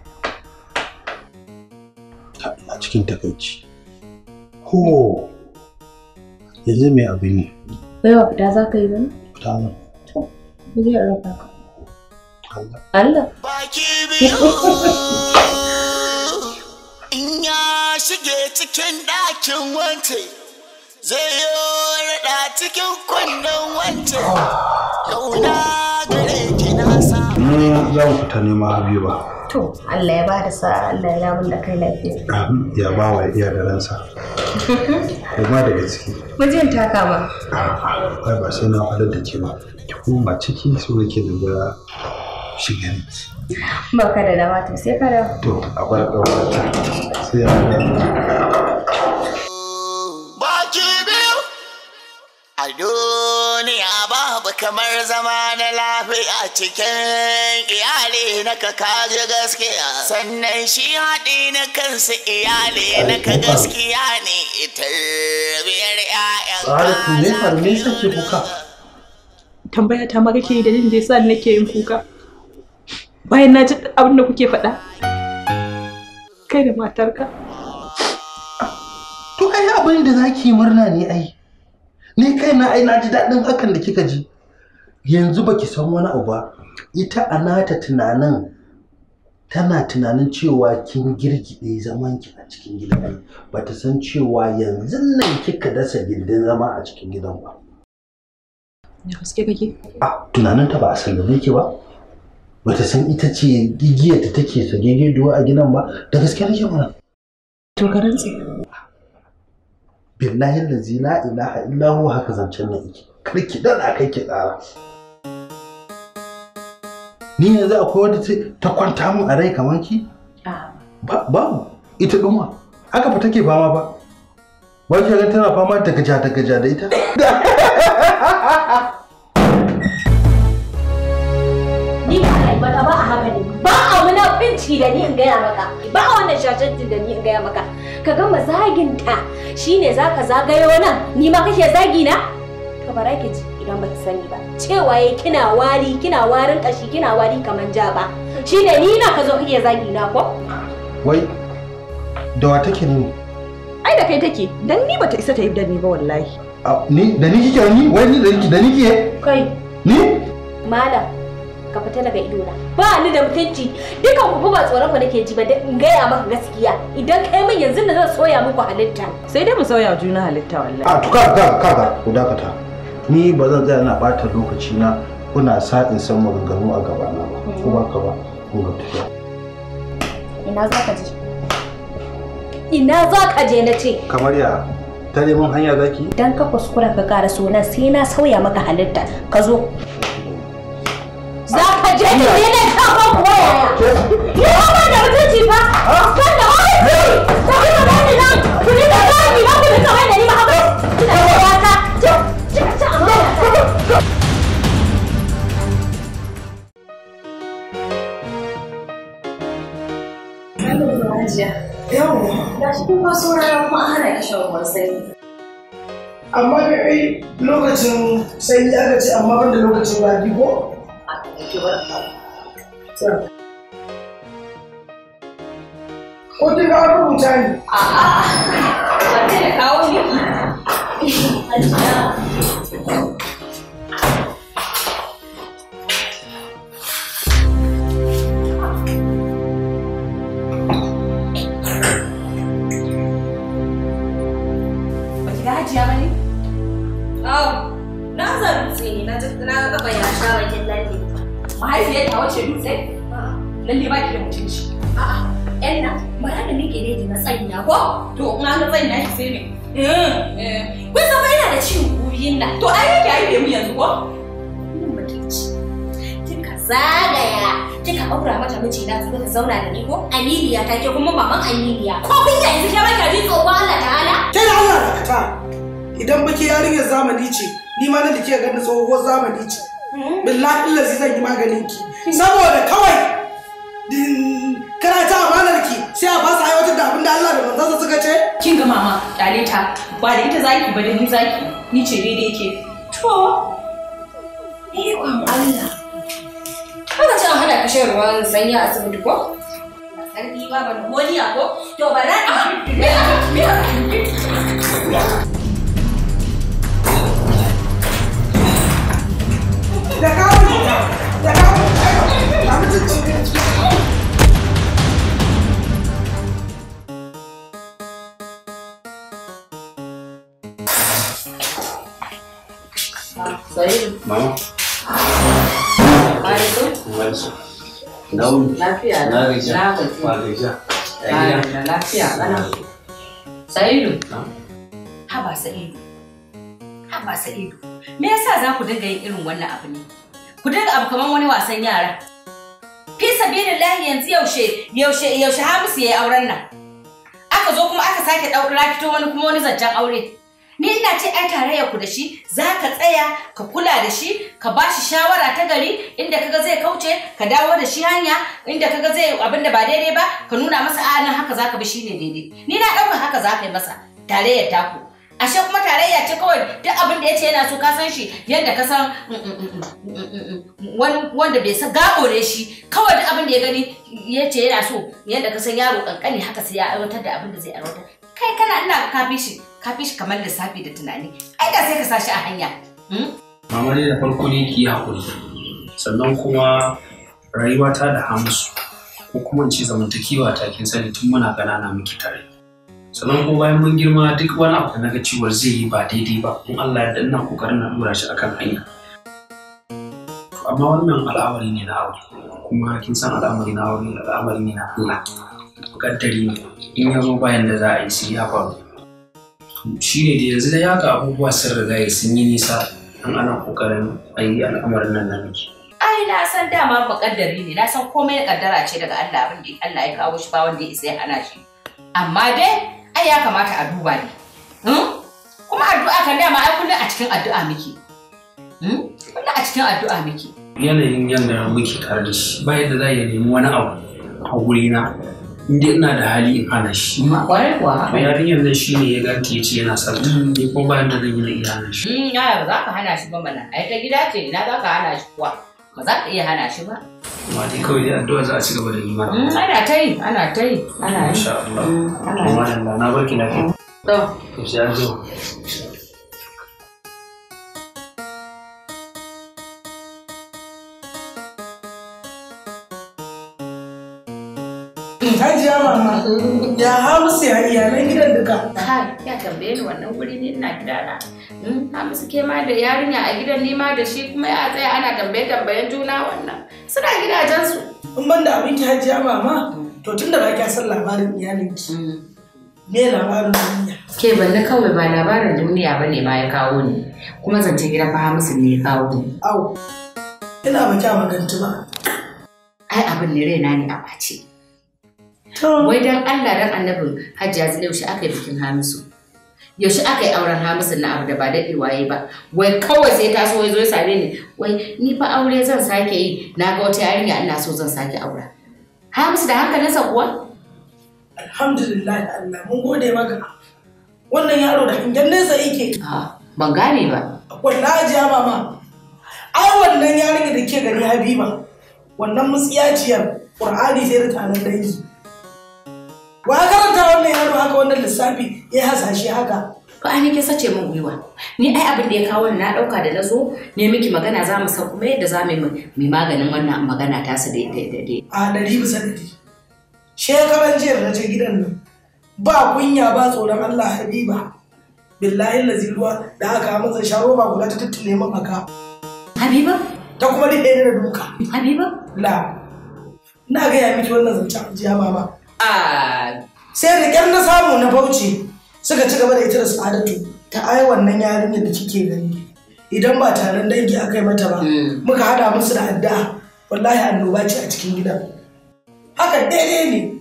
A cikin takaici. Ho. Yanzu mai abu ne. Baiwa fita za ka yi bane? Fita zan. To, zai raka ka. Allah. Allah. Baki biyu. <laughs> In ya shige cikin ɗakin wance, zai yi raɗa cikin kunnen wance. Kauna ah. gare ki na sa. Ni zan fita neman Habiba. To, Allah ya ba da sa'a Allah ya labun da kai lafiya. Ya ba wa iya da ransa. Ko ma daga ciki. Mijin ta kama. A'a, ba sai na faɗar da ke ba. Ki koma ciki so nake da ga shigar ki. Ba ka da dama to sai ka da. To, a ɗaukar ɗaukata. Sai ya Baki biyu. Ado. kamar zama na lafiya cikin iyali na ka kaji gaskiya sannan shi haɗi na kansu iyali na ka gaskiya ne ita biyar ƴaƴan kuka tambaya ta ma kake da jin da yasa nake yin kuka bayan na ji abin da kuke faɗa kai da matarka to ai abin da zaki murna ne ai ni kai na ai na ji daɗin hakan da kika ji yanzu baki san wani abu ba ita anata tunanin tana tunanin cewa kin girgide zaman ki a cikin gidan ba ta san cewa yanzu nan kika dasa gindin zama a cikin gidan ba da gaske kake a tunanin ta ba a sallame ki ba Ba ta san ita ce gigiyar ta take sagege duwa a gidan ba da gaske nake mana to karanci rantse billahi lazi la ilaha illahu haka zancen nan yake kar ki dana kai ki tsara ni yanzu akwai wadda ta kwanta mun a rai kamar ki ah. babu ita ɗuma aka fa take fama ba ba ki ga tana fama da gaja da gaja da ita ni ba a mata ba a haka ne ba a wani binci da ni in gaya maka ba a wannan shashantin da ni in gaya maka ka gama zaginta shi ne za ka zagayo nan ni ma kake zagi na ka bara ki ji idan ba sani ba cewa ya kina wari kina warin kashi kina wari kaman ja ba shine ni na ka zo kike zagi na ko wai da wa take ni ai da kai take dan ni bata isa ta yi da ni ba wallahi ni da ni kike ni wai ni da ni da ni kike kai ni malam ka fita daga idona ba ni da mutunci dukan ku ba tsoron ku nake ji ba in gaya maka gaskiya idan kai min yanzu na zan soya muku halitta sai dai mu soya juna halitta wallahi a to ka ka ka ku dakata ni ba zan tsaya na ɓata lokaci na kuna sa in san maganganu a gaba na ba ko ba ka ba kun ga tafiya ina za ka je ina za ka je na ce kamar ya ta neman hanya zaki dan ka kuskura ka ƙara suna sai na sauya maka halitta ka zo za ka je ne ne ka ko kuwa yaya ya ba da mutunci fa shi kuma sauraron kuma hana ka shan ruwan sanyi. Amma da ai lokacin sanyi aka ce amma banda lokacin rani ko? A kan ke da Ko ta ga rubuta ne? A'a, ba ta da kawo ne. sai ta wace dutse lalle ba ki da mutunci a'a yan nan bara da nake ne na tsayi na ko to in an tsayi na ki sai me eh, eh. kun san ina da ciwon kuyin nan to ai yake ai mu yanzu ko mun mutunci kika zagaya kika aura mata miji na zuwa zauna da ni ko Amiliya ta ke kuma maman Amiliya ko kun yanzu ke baka ji tsoro Allah ta'ala kai da Allah ka ta idan baki yarinyar zamani ce ni ma na da ke ganin tsohuwar zamani ce hmm? billahi lazi zan yi maganin ki saboda kawai kana ta amanar ki sai a fasa aiwatar da abin da Allah da manzansa suka ce kin ga mama kyale ta ba da ita zaki ba da ni zaki ni ce daidai ke to ni ikon Allah kaga ta hada ka shan ruwan sanyi a asibiti ko sarki baba na holiya ko to ba za ki ah! me me lafiya na gaji na gaji na lafiya na sa'idu haba sa'idu haba sa'idu me yasa za ku dinga yin irin wannan abu ne ku dinga abu kamar wani wasan yara fi sabilillahi yanzu yaushe yaushe yaushe Hamisu yi auren nan aka zo kuma aka sake ɗaukar fito wani kuma wani zancen aure ni ina ce ai tarayya ku da shi za ka tsaya ka kula da shi ka ba shi shawara ta gari inda kaga zai kauce ka dawo da shi hanya inda kaga zai abinda ba daidai ba ka nuna masa a nan haka zaka bi shi shine daidai ni na ɗauka haka za ka yi masa tarayyar taku ashe kuma tarayya ce kawai duk abin da ya yana so ka san shi yadda ka san mm, mm, mm, wanda bai san gabo ne shi kawai duk abin da ya gani yace yana so yadda ka san yaro kankani haka sai ya aiwatar da abin da zai aiwatar kai kana ina ka bi shi ka fi shi kamar lissafi da tunani ai da sai ka sa shi a hanya hmm? mama ne da farko ne ki yi hakuri sannan kuma rayuwa ta da hamsu ko kuma ce zamantakewa ta kin sani tun muna ganana miki tare sannan kuma bayan mun girma duk wani abu da naga cewa zai yi ba daidai ba kun Allah ya danna kokarin na dora shi akan hanya amma wannan al'amari ne na aure kuma kin san al'amari na aure al'amari ne na Allah kaddari ne in ya zo bayan da za a yi sai ya faru shi da yanzu da ya ga abubuwa sun riga sun yi nisa an ana kokarin ayi yi al'amarin nan na miki. ai na san dama muƙaddari ne na san komai ya kaddara ce daga Allah abin da Allah ya kawo shi ba wanda ya sai ya shi amma dai ai ya kamata a duba ne hmm? kuma addu'a kan dama ai kullum a cikin addu'a miki hmm? kullun a cikin addu'a miki yanayin yanda muke tare da shi ba yadda za ya nemi wani abu a wurina inda ina da hali in hana shi kwarai kuwa to yarinyar yanzu shi ne ya ganta ya ce yana son ta mm. ni bayan da zan yi na iya hana shi in mm, ya ba za ka hana shi ba mana ai ta gida ce ina za ka hana shi kuwa ba za ka iya hana shi ba amma dai kawai dai addu'a za a ci gaba da yi ma. Mm, ana ta yi ana ta yi ana yi insha Allah na barki na kai to to sai an zo ya hamsu ya iyalan gidan duka kai ya tambaye ni wannan guri ne ina gidana hmm, hamsu ke ma da yarinya a gidan ni ma da shi kuma ya tsaya ana tambaye tambayen juna wannan suna gidajen su. in ban da abinki hajiya mama to tunda ba kya san labarin iyalinki hmm. me labarin duniya ke balle kawai ba labarin duniya bane ma ya kawo ni kuma zance gidan fa hamsu ne ya kawo ni au ina ba kya magantu ba ai abin ne raina ne a ɓace Wai dan Allah dan annabin Hajji Zule yaushe aka yi bikin Hamisu. Yaushe aka yi auren Hamisu na abu da ba daɗe waye ba. Wai kawai sai ta so ya zo ya same ni. Wai ni fa aure zan sake yi na ga wata yarinya ina so zan sake aura. Hamisu da hankalinsa kuwa? Alhamdulillah Allah mun gode maka. Wannan yaro da hangen nesa yake. Ban gane ba. Wallahi Hajiya mama. Ai wannan yarinya da ke gani Habiba. Wannan mutsiyaciyar Qur'ani sai da taron dangi. wa karanta wannan yaro haka wannan lissafi ya hasashe haka ba a ke sace min gwiwa ni ai abin da ya kawo na dauka da nazo ne miki magana za mu san kuma yadda za mu yi maganin wannan magana ta su da daidai a dari bisa dari shekaran jiya na je gidan nan ba kunya ba tsoron Allah habiba billahi lazi ruwa da aka masa sharo ba kula ta tattale min aka habiba ta kuma dai da duka habiba la na ga ya miki wannan zancen jiya baba a sai rigar na samu na bauchi suka ci gaba da ita da sa'adatu ta ai wannan yarinyar da kike gani idan ba taron dangi aka yi mata ba hmm. muka hada musu da adda. wallahi annoba ce a cikin gidan haka daidai ne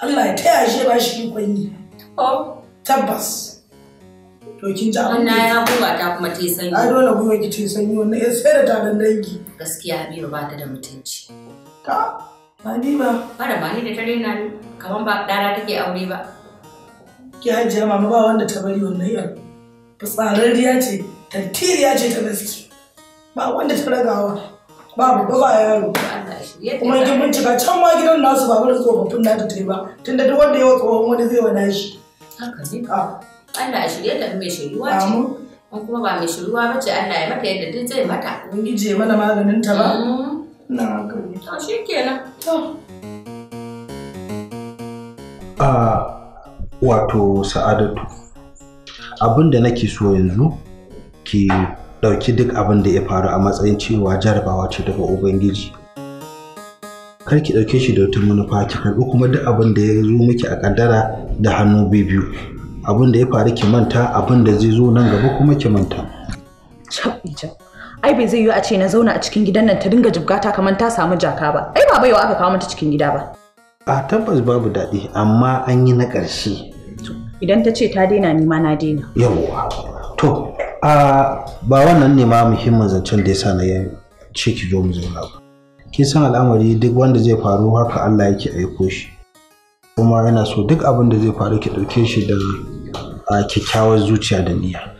Allah ya taya shi ba shi ikon yi oh. tabbas to kin ji abin ya kuma ta kuma ta yi sanyi a dole kuma ki ta yi sanyi wannan sai da taron dangi gaskiya Habiba ba ta da mutunci ta Ba ni ba. Bara ba ni da ta na ni kamar ba ɗana take aure ba. Ki hajiya mama ba wanda ta bari wannan yar. Fitsararriya ce, tantiriya ce ta gaske. Ba wanda ta ragawa. Ba babba ba yaro. Kuma yakin bincika can ma gidan nasu ba wani tsofaffin na ta ba. Tunda duk wanda ya wa tsohon wani zai wa shi. Haka ne. Ah. Allah a shirye ta mai shiruwa ce. Amin. kuma ba mai shiruwa ba ce Allah ya mata yadda duk zai mata. Ubangiji ya mana maganin ta ba. Mm. wato sa'adatu abin da nake so yanzu ki ɗauki duk abin da ya faru a matsayin cewa jarabawa ce daga ubangiji kar ki ɗauke shi da wata manufa ki karɓi kuma duk abin da ya zo miki a kaddara da hannu biyu abin da ya faru ki manta abin da zai zo nan gaba kuma ki manta. ai bai zai yiwu a ce na zauna a cikin gidan nan ta dinga jibgata kamar ta samu jaka ba ai ba baiwa aka kawo mata cikin gida ba a tabbas babu daɗi amma an yi na ƙarshe idan ta ce ta daina nima na daina yawwa to a ba wannan ne ma muhimmin zancen da yasa na yi ce ki zo mu zauna ba kin san al'amari duk wanda zai faru haka Allah yake aiko shi kuma yana so duk abin da zai faru ki ɗauke shi da kyakkyawar zuciya da niyya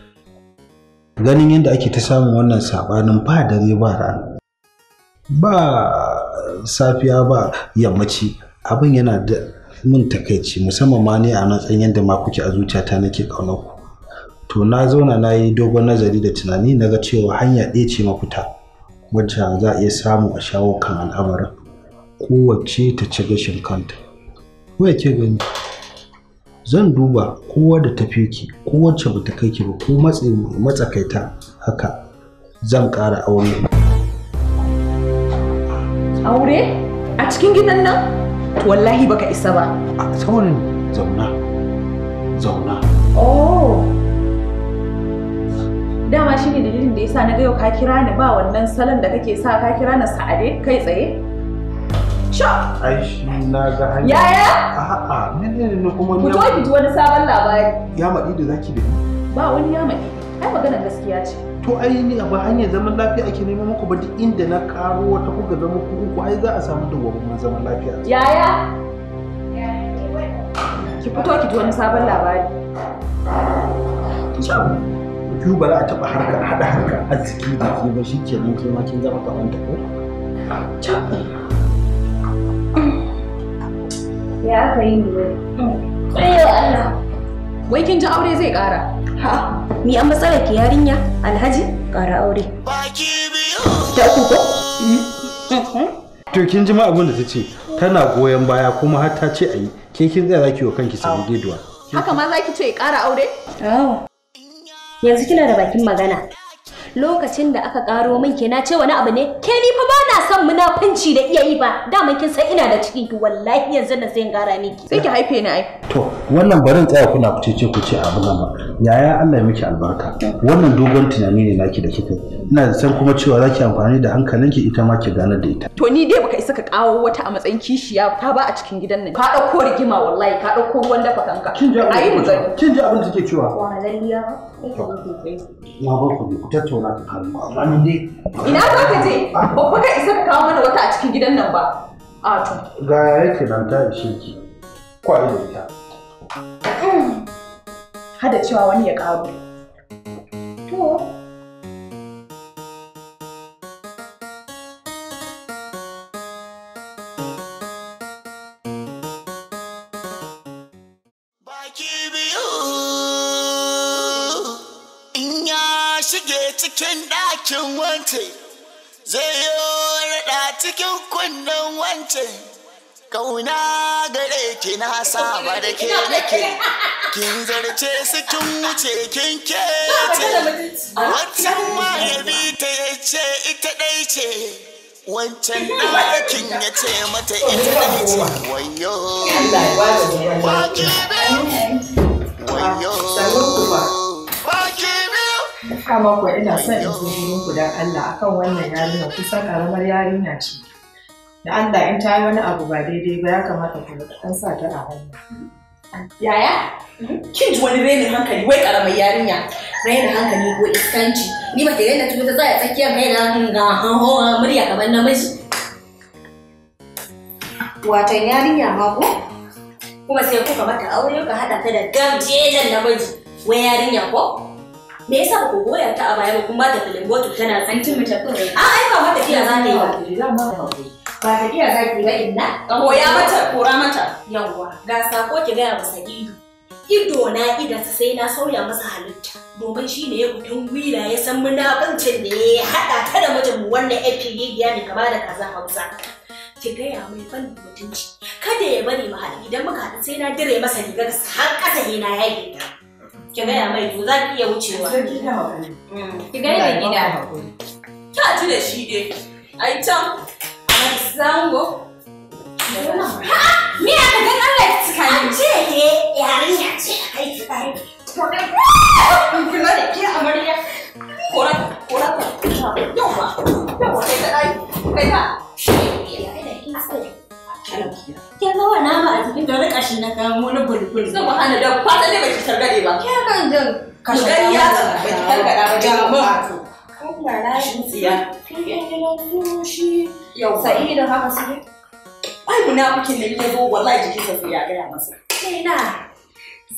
ganin yadda ake ta samun wannan saɓanin ba dare ba rana ba safiya ba yammaci abin yana da mun takaici musamman ma ne a matsayin yadda ma kuke a ta nake ƙaunar ku to na zauna na yi dogon nazari da tunani na ga cewa hanya ɗaya ce mafita wacce za a iya samu a shawo kan al'amarin kowace ta ci gashin kanta. Wai ke gani? zan duba kowa da tafi ki ko wacce ba ta kai ki ba ko matsakaita haka zan ƙara aure aure a cikin gidan nan wallahi baka isa ba a tsawon zauna zauna oh dama shine dalilin da yasa na ga yau ka kira ni ba wannan salon da kake sa ka kira ni sa'ade kai tsaye Ai shi na ga hanyar. Yaya? A'a, ne ne ne kuma ni. Ku ki ji wani sabon labari. Ya maɗi da zaki da ni. Ba wani ya maɗi. Ai maganar gaskiya ce. To ai ni a ba hanyar zaman lafiya ake neman muku ba duk inda na karo wata kuka zama ku uku ai za a samu dawwammamin zaman lafiya. Yaya? Ki fito ki ji wani sabon labari. Ku ba za a taɓa harkar haɗa harkar arziki da ke ba shi kenan ke ma kin zama kamar ta ko? Ya aka yi ne wai. Allah. Wai kin ji aure zai ƙara. Ha, ni an matsalar ki yarinya Alhaji ƙara aure. Baki biyu. Ta uku ko? Mm-hmm. To kin ji ma abin da ta ce tana goyon baya kuma har ta ce a yi ke kin tsaya za ki wa kanki samu giduwa. Haka ma za ki ce ƙara aure? Yanzu kina da bakin magana. lokacin da aka karo min ke na ce wani abu ne ke ni fa bana son munafunci da iya ba dama kin san ina da ciki to wallahi yanzu na sai gara miki sai ki haife ni ai to wannan barin tsaya kuna kuce ce ku ce abu nan ba yaya Allah ya miki albarka wannan dogon tunani ne naki da kika ina da san kuma cewa zaki amfani da hankalinki ita ma ki ganar da ita to ni dai baka isa ka kawo wata a matsayin kishiya ta ba a cikin gidan nan ka dauko rigima wallahi ka dauko ruwan dafa kanka ayi mu gani kin ji abin da kike cewa walalliya na ba ku ku tattauna ka kalma amma ni dai ina za ka je ah. ba ka isa ka kawo mana wata a cikin gidan nan ba a ah, to ga yake nan ta ishe ki kwaye da ita hada cewa wani ya karo to wannan wance kauna gare ki na saba da ke nake kin zarce su kin wuce kin kece wancan ma ya bi ta ya ce ita dai ce wancan ɗakin ya ce mata ita dai ce wayo wayo kama kuwa ina son in zo gurin ku dan Allah akan wannan yarinya kusan karamar yarinya ce da Allah in ta yi wani abu ba daidai ba ya kamata ku ɗan sa ta a hannu. Yaya? Kin ji wani rainin hankali wai karamar yarinya na hankali ko iskanci ni ba ta yi yadda ta a tsakiyar mai na ga hawa murya kamar namiji. Watan yarinya ma ko? Kuma sai kuka mata aure ka haɗa ta da gamjejen namiji wai yarinya ko? me yasa ku goya ta a baya ba kuma ta filin tana tsantin mutum A'a ai ba mata iya za ta yi ba. Ba ta iya zafi ba na? Koya mata, kora mata. Yawwa, ga sako ki gaya masa ido. Ido na idansa sai na sauya masa halitta. Domin shi ne ya kudin gwila ya san munafuncin da ya haɗa ta da mijinmu wannan FPDiya ne kama da kaza Hausa. Ki gaya mai ban mutunci. Kada ya bari mu haɗu idan muka haɗu sai na dire masa rigar har ƙasa ne na yaƙi ta. Ki gaya mai to za ki iya wucewa. Mm, ki gaya mai gida. Ki a ci da shi dai. Ai can. zango me ya ka gan Allah ki an ce ne yarinya ce a kai ki bari kun da ke amarya kora kora ta a na kamo na bulbul zama hana da fata ne baki targade ba ke kan jin kashi gari ya zama baki targada ba jama'a Allah ya shi tsiya. Kai yan gidan fushi. sa'idu haka suke ai munafikin nan ya zo wallahi jikinsa sai ya gaya masa na,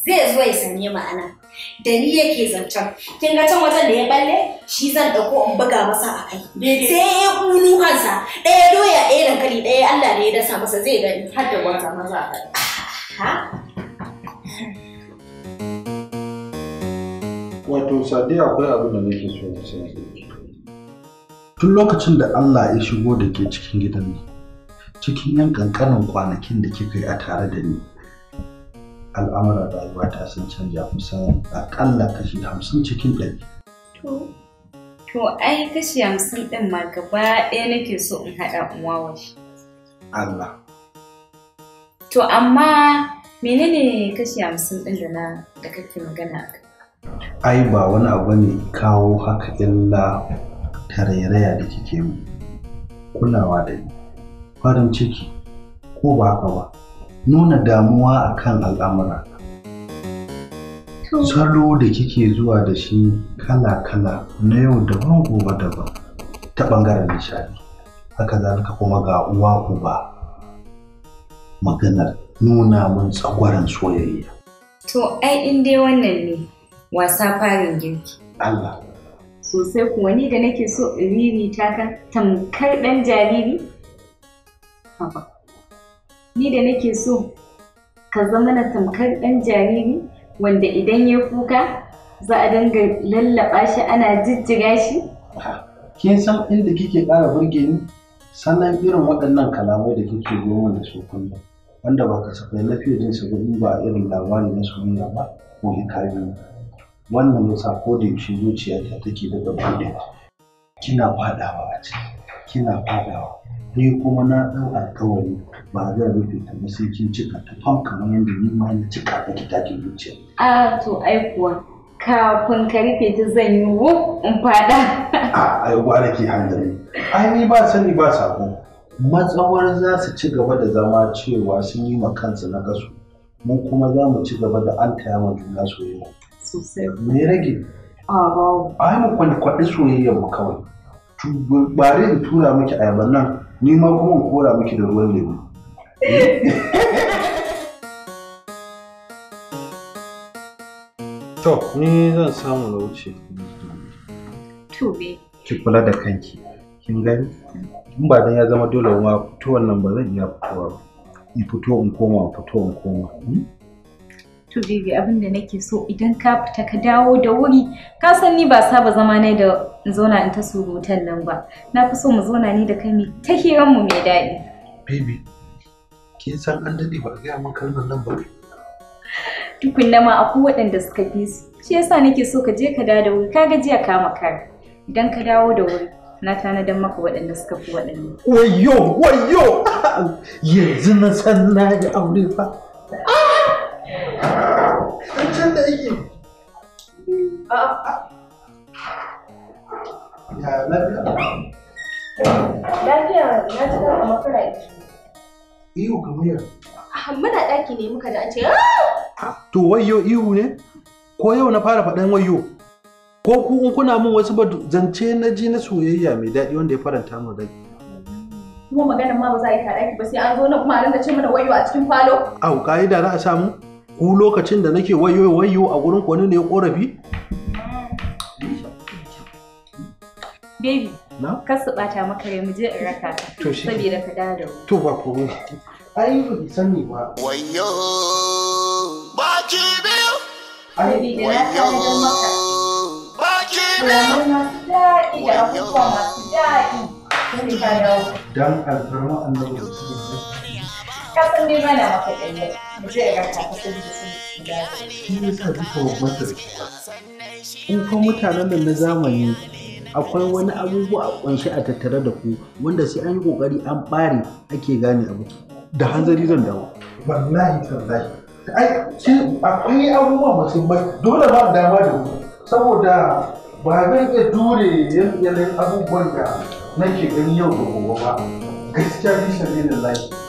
zai zo ya sanye ma'ana da ni yake zancen kin ga can wajen da ya balle shi zan dauko in buga masa a kai sai ya kulu kansa ɗaya doya ɗaya dankali ɗaya Allah ne ya dasa masa zai gani har da wata maza a kai wato sadiya akwai abin da nake so na sani tun lokacin da Allah ya shigo da ke cikin gidan nan cikin yan kankanin kwanakin da kika yi a tare da ni al'amuran rayuwa ta sun canja kusan akalla kashi hamsin cikin ɗari. To, ai kashi hamsin ɗin ma gaba ɗaya nake so in haɗa in wawa shi. Allah. To amma menene kashi hamsin ɗin da na da kake magana a kai? Ai ba wani abu ne kawo haka illa tarairaya da kike mu kulawa da ni farin ciki ko ba haka ba nuna damuwa akan al'amura salo da kike zuwa da shi kala-kala na yau daban gobe daban ta ɓangaren nishadi haka zalika kuma ga uwa uba maganar nuna mun tsagwaran soyayya to ai in dai wannan ne wasa farin girki Allah sosai kuwa ni da nake so in ririta ka tamkar ɗan jariri? Haba, ni da nake so ka zama na tamkar ɗan jariri wanda idan ya kuka za a dinga lallaɓa shi ana jijjiga shi? Kin san inda kike ƙara burge ni? Sannan irin waɗannan kalamai da kike goma da su kullum wanda ba kasafai na fiye jin su ba irin labari na soyayya ba ko ne. wannan yasa ko da yaushe zuciyata take daga buɗe kina fadawa a ciki kina fadawa ni kuma na ɗau alkawari ba zan rufe ta ba sai kin cika ta fam kamar yadda ni ma na cika ta ki take zuciya a to ai kuwa kafin ka rufe ta zan yi wu in fada a ai gwara ki hanzari ai ni ba sani ba sako matsawar za su ci gaba da zama cewa sun yi ma kansu na kasu mu kuma za mu ci gaba da an taya ma juna soyayya sosai me rage a ba ai mu kwankwaɗi soyayyar mu kawai bare in tura miki ayaban nan ni ma kuma in kora miki da ruwan lemu to ni zan samu na wuce ki kula da kanki kin gani in ba dan ya zama dole ma fito nan ba zan iya fitowa in fito in koma fito in koma hmm? to baby abin da nake so idan ka fita ka dawo da wuri ka san ni ba saba zama ne da zauna in ta surutan nan ba na fi so mu zauna ni da kai mu ta hiran mu mai daɗi baby kin san an daɗe ba ga mun kalmar nan ba tukunna ma akwai waɗanda suka fi su shi yasa nake so ka je ka dawo da wuri ka ga jiya ka makara idan ka dawo da wuri na tanadar maka waɗanda suka fi waɗanda wayo wayo <laughs> yanzu na san na ga aure fa <laughs> aiki. Ya lafiya. Lafiya na ji kan amma kana ihu. kamar yau. Ah, muna ɗaki ne muka ji an ce ah! Ah, To wayyo ihu ne? Ko yau na fara faɗan wayyo? Ko ku kuna min wasu ba zance na ji na soyayya mai daɗi wanda ya faranta min rai. Kuma maganar ma ba za a yi ba sai an zo na kuma a ce mana wayo a cikin falo. Au ka'ida za a samu? ku lokacin da nake wayo wayo a gurin wani ne korafi baby na su bata maka ya muje in raka saboda dawo ai ba sani ba wayo ba ki ai ba ki da masu daɗi dan ka san dai bana maka ɗanye mu je ga ka ka san da sun da shi ne sa duka babban sarki in kuma mutanen da na zamani akwai wani abubuwa a kunshi a tattare da ku wanda sai an yi kokari an bare ake gane abu da hanzari zan dawo wallahi tallahi ai sai akwai abubuwa masu mai dole ba dama da ku saboda ba zan iya dure yanayin abubuwan da nake gani yau da gobe ba gaskiya bisa ne da lafiya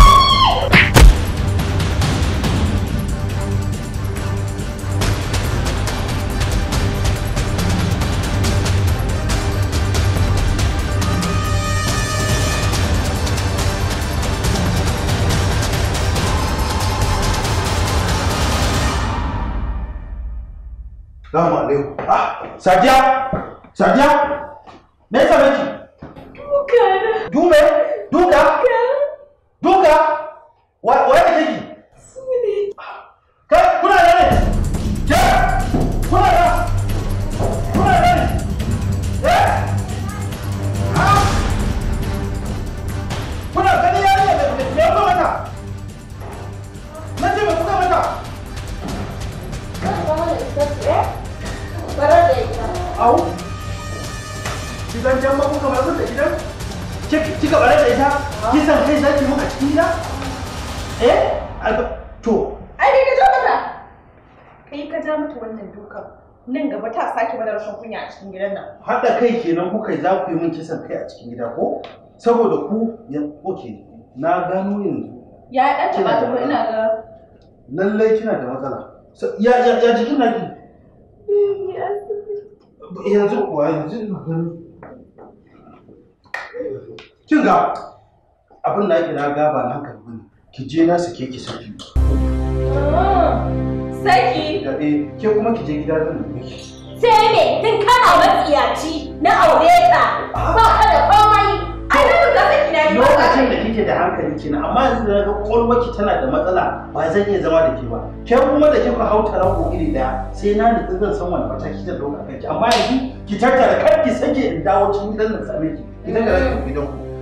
Salamu alaikum. Ah, Sadiya! Sadiya! Me ya same ki? Duka. Dume? Duka? Duka. Duka? Wa ya kake dan can ba kuka bar da gidan kika bare da ita kisan kai zaki muka cikin gida eh to ai dai ka ja mata kai ka ja mata wannan dukan nan gaba ta sake mana rashin kunya a cikin gidan nan haɗa kai kenan kuka za ku yi min kisan kai a cikin gida ko saboda ku ya oke na gano yanzu ya ɗan taɓa ta ko ina ga lallai kina da matsala ya ya ya jikin naki eh, yanzu kuwa yanzu na kin ga abin da ake na gaba na hankali bane ki je na sake ki saki oh, saki da eh, ke kuma ki je gida zan da sai me tun kana matsiyaci na aure ka ah. ba ka da komai ai na ga saki na ba lokacin da kike da hankali kina amma yanzu da ga kwalwaki tana da matsala ba zan iya zama da ke ba ke kuma da kika hauta ranko iri daya sai na nufi zan san wani mataki zan dauka kanki amma yanzu ki tattara kanki sake in dawo cikin gidan nan same ki ki tattara kanki gidan ku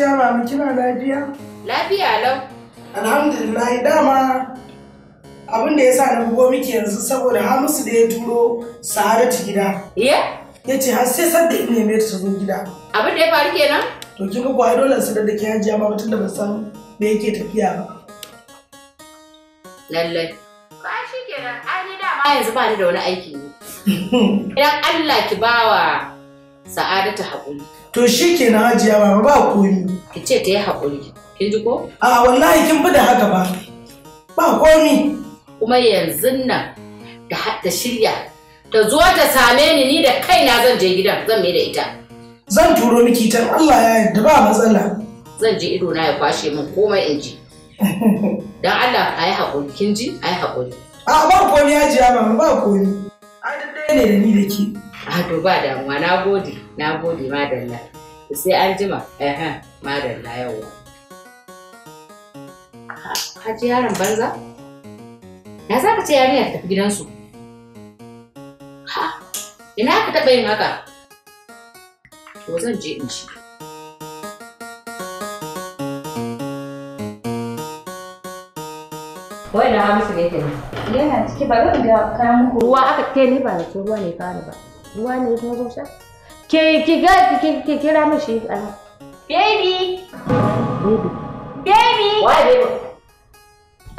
ba Mamu kina lafiya? Lafiya lau. Alhamdulillah dama abin da ya sa na bugo miki yanzu saboda Hamisu da ya turo Sa'adatu gida. Ye? Ya ce har sai sadda in mai ta zo gida. Abin da ya faru kenan? To kin ga ko ai dole su da hajiya Hajiya Mamu da ba san me yake tafiya ba. Lallai. Ba shi kenan, ai ni dama yanzu ba ni da wani aiki ne. <laughs> Idan Allah ki bawa Sa'adatu haƙuri. to shi ke na hajiya ba ba komi ki ce ta yi haƙuri kin ji ko a wallahi kin fi da haka ba ba komi kuma yanzu nan da ta shirya ta zo ta same ni ni da kaina zan je gidan zan mai da ita zan turo miki tan Allah ya yarda ba matsala zan je ido na ya kwashe min komai in ji <laughs> dan Allah a yi haƙuri kin ji a yi haƙuri a ba komi hajiya ba ba komi a duk ne da ni da ke a to ba damuwa na gode na gode madalla sai an jima ehem madalla yawa haji yaron banza na za ka ce yarinya tafi gidansu ha ina ka taɓa yin haka to zan je in ci Wai da Hamisu ne ke Yana ciki ba zan ga kayan ruwa aka ke ne ba da ruwa ne fara ba. Ruwa ne ya zo sha? Ki ki ga ki ki kira mishi a Baby. Baby. Baby. Why baby?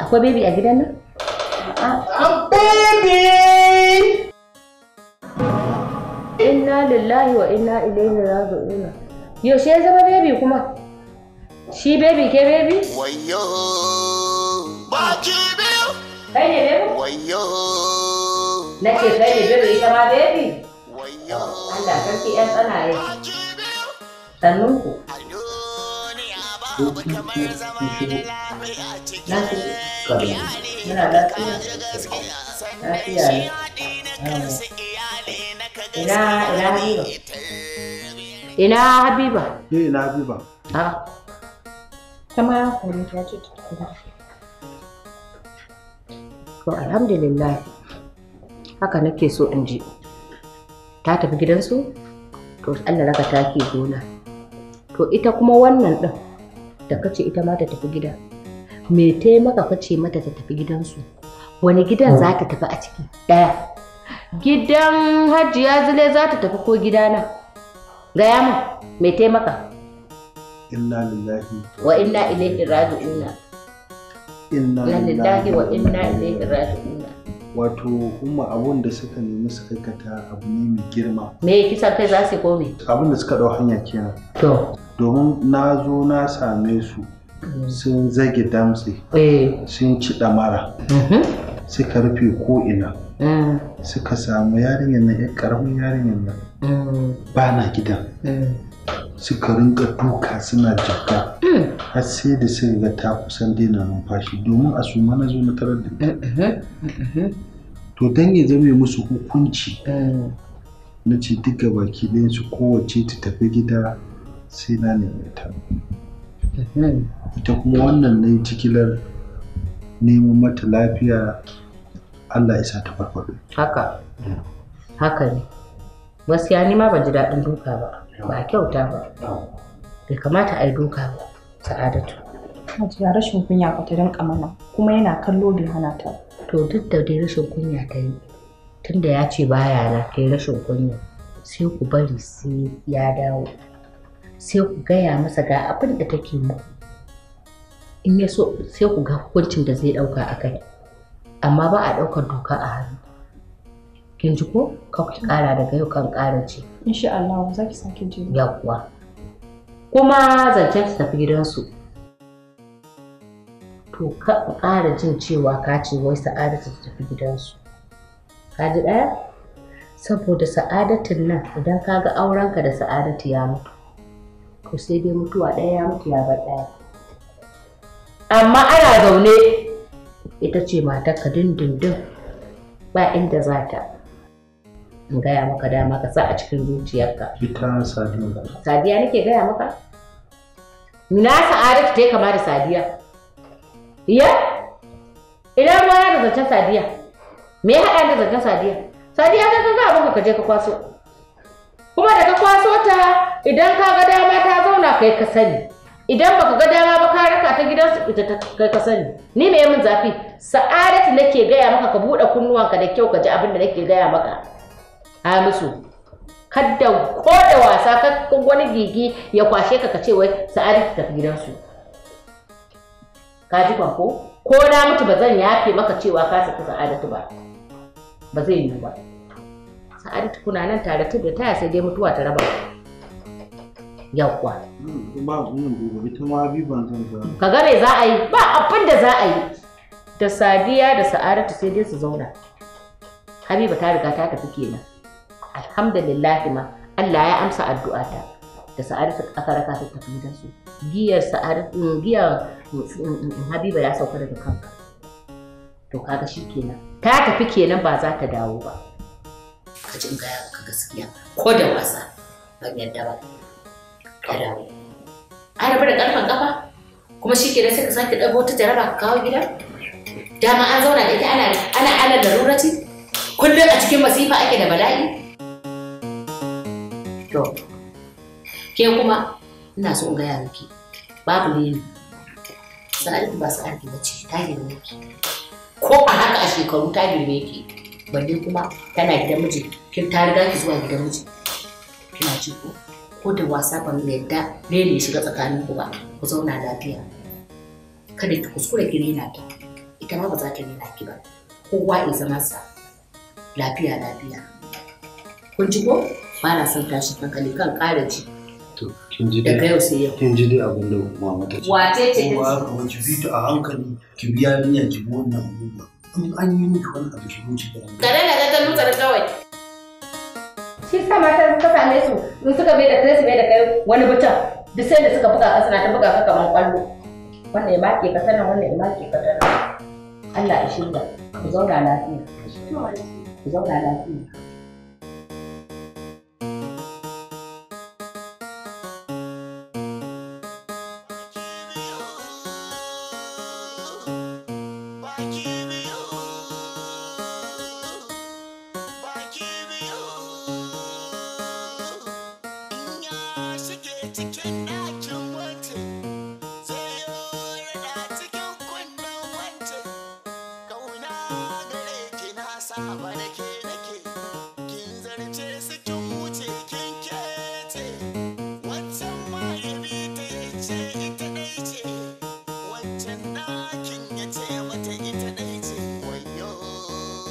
Akwai baby a gidan nan? A baby. Inna lillahi wa inna ilaihi raji'un. Yaushe ya zama baby kuma? Shi baby ke baby? Wayo. ki biyu. Kai ne baby? Wayo. Na kai ne baby ita ma baby? Wayo. Allah sarki ƴan tsanaye. Sannun ku. Na fi kare. Muna lafiya. Lafiya ne. Ina ina Habiba. Ina Habiba. ina Habiba. A. Kama kare ta ce ta kira. To alhamdulillah. Haka nake so in ji. ta tafi gidansu to Allah raka ke gona to ita kuma wannan din da kace ita ma ta tafi gida me ta maka kace mata ta tafi gidansu wani gidan za ta tafi a ciki daya gidan hajiya zile za ta tafi ko gidana gaya mu me ta maka inna lillahi wa inna ilaihi raji'un inna lillahi wa inna ilaihi raji'un wato umma abun da suka nemi su aikata abu ne mai girma me kisan kai za su kome abun da suka dau hanya kenan to domin na zo na same su mm. sun zage damse, eh. sun ci damara mm-hmm. suka rufe ko ina mm. suka samu yarinyar nan ya karamin yarinyar nan mm. ba na gidan suka rinka duka suna jaka har sai da suka ga ta kusan daina numfashi domin a su na zo na tarar da to dan ya zame musu hukunci eh. na ce duka baki ɗaya su kowace ta tafi gida sai na nemi ta eh. ita kuma wannan ne cikilar neman mata lafiya Allah ya sa ta farfado. haka haka ne gaskiya ni ma ban ji daɗin duka ba ba kyauta ba bai kamata a yi duka ba sa'adatu Hajiya rashin kunya ba ta rinka mana kuma yana kallo bai hana ta. To duk da dai rashin kunya ta yi tun da ya ce baya na ta yi rashin kunya sai ku bari sai ya dawo sai ku gaya masa ga abin da take mu in ya so sai ku ga hukuncin da zai ɗauka a kai amma ba a daukar doka a hannu. Kin ji ko? Ka ku kara daga yau kan kara ce. Insha Allah za ki sake ji. Ya kuwa. Kuma zancen ta tafi gidansu. to ka ƙara jin cewa ka ce wai sa'adatu ta tafi gidansu ka ji ɗaya saboda Sa'adatun nan idan ka ga aurenka da sa'adatu ya mutu ko sai dai mutuwa ɗaya ya mutu ya bar ɗaya amma ana zaune ita ce matarka dindindin ba inda za ta in gaya maka dama ka sa a cikin zuciyarka ita sadiya sadiya nake gaya maka Na sa'adatu ta kama da sadiya Iya? Idan ruwa ya da zancen sadiya. Me ya haɗa da zancen sadiya? Sadiya ta ga abin ka je ka kwaso. Kuma da ka kwaso ta idan ka ga dama ta zauna kai ka sani. Idan baka ga dama ba ka raka ta gidansu ita ta kai ka sani. Ni me min zafi? Sa'adatu nake gaya maka ka buɗe kunnuwanka da kyau ka ji abin da nake gaya maka. A musu. Kadda ko da wasa ka wani gigi ya kwashe ka ka ce wai sa'adatu tafi gidansu. ka ji kwanko? ko na mutu ba zan yafe maka cewa ka saki sa'adatu ba ba zai yi ba sa'adatu kuna nan tare da taya sai dai mutuwa ta raba yawwa hmm, ka gane za a yi ba abin da za a yi da sadiya da sa'adatu sai dai su zauna habiba ta riga ta tafi kenan alhamdulillah ma Allah ya amsa addu'ata da sa'adatu aka raka ta tafi su. giyar sa'adatu mm, giyar mm, mm, habiba ya sauka daga kanka to kaga shi kenan ta tafi kenan ba za ta dawo ba ka ji in gaya ka gaskiya ko da wasa ban yadda ba ka dawo an rabu da karfan kafa kuma shi kenan sai ka sake dago ta jaraba ka kawo gida dama an zauna da ita ana ana ana larurati kullum a cikin masifa ake da bala'i to ke kuma ina so in gaya ki babu ne sa'adu ba sa'adu ki bace ta girme ki ko a haka a shekaru ta girme ki balle kuma tana gidan miji kin ta riga ki zuwa gidan miji kina ci ko ko da wasa ban yadda ne ne shiga tsakanin ku ba ku zauna lafiya kada ki kuskure ki rena ta ita ma ba za ta rena ki ba kowa ya zama sa lafiya lafiya kun ji ko ba na son tashi hankali kan ƙara ji kin ji dai kin ji dai abin da mama ta ce wace ce ta ce ki bi ta a hankali ki biya niyya ki bi wannan abubuwa in an yi miki wani abu ki wuce da kare da ga lutsar kawai shi sa mata suka same su in suka bai da kai bai da kai wani butan duk sai da suka buga ka suna ta buga ka kamar kwallo wannan ya make ka sanan wannan ya make ka sanan Allah ya shirya ku zauna lafiya ku zauna lafiya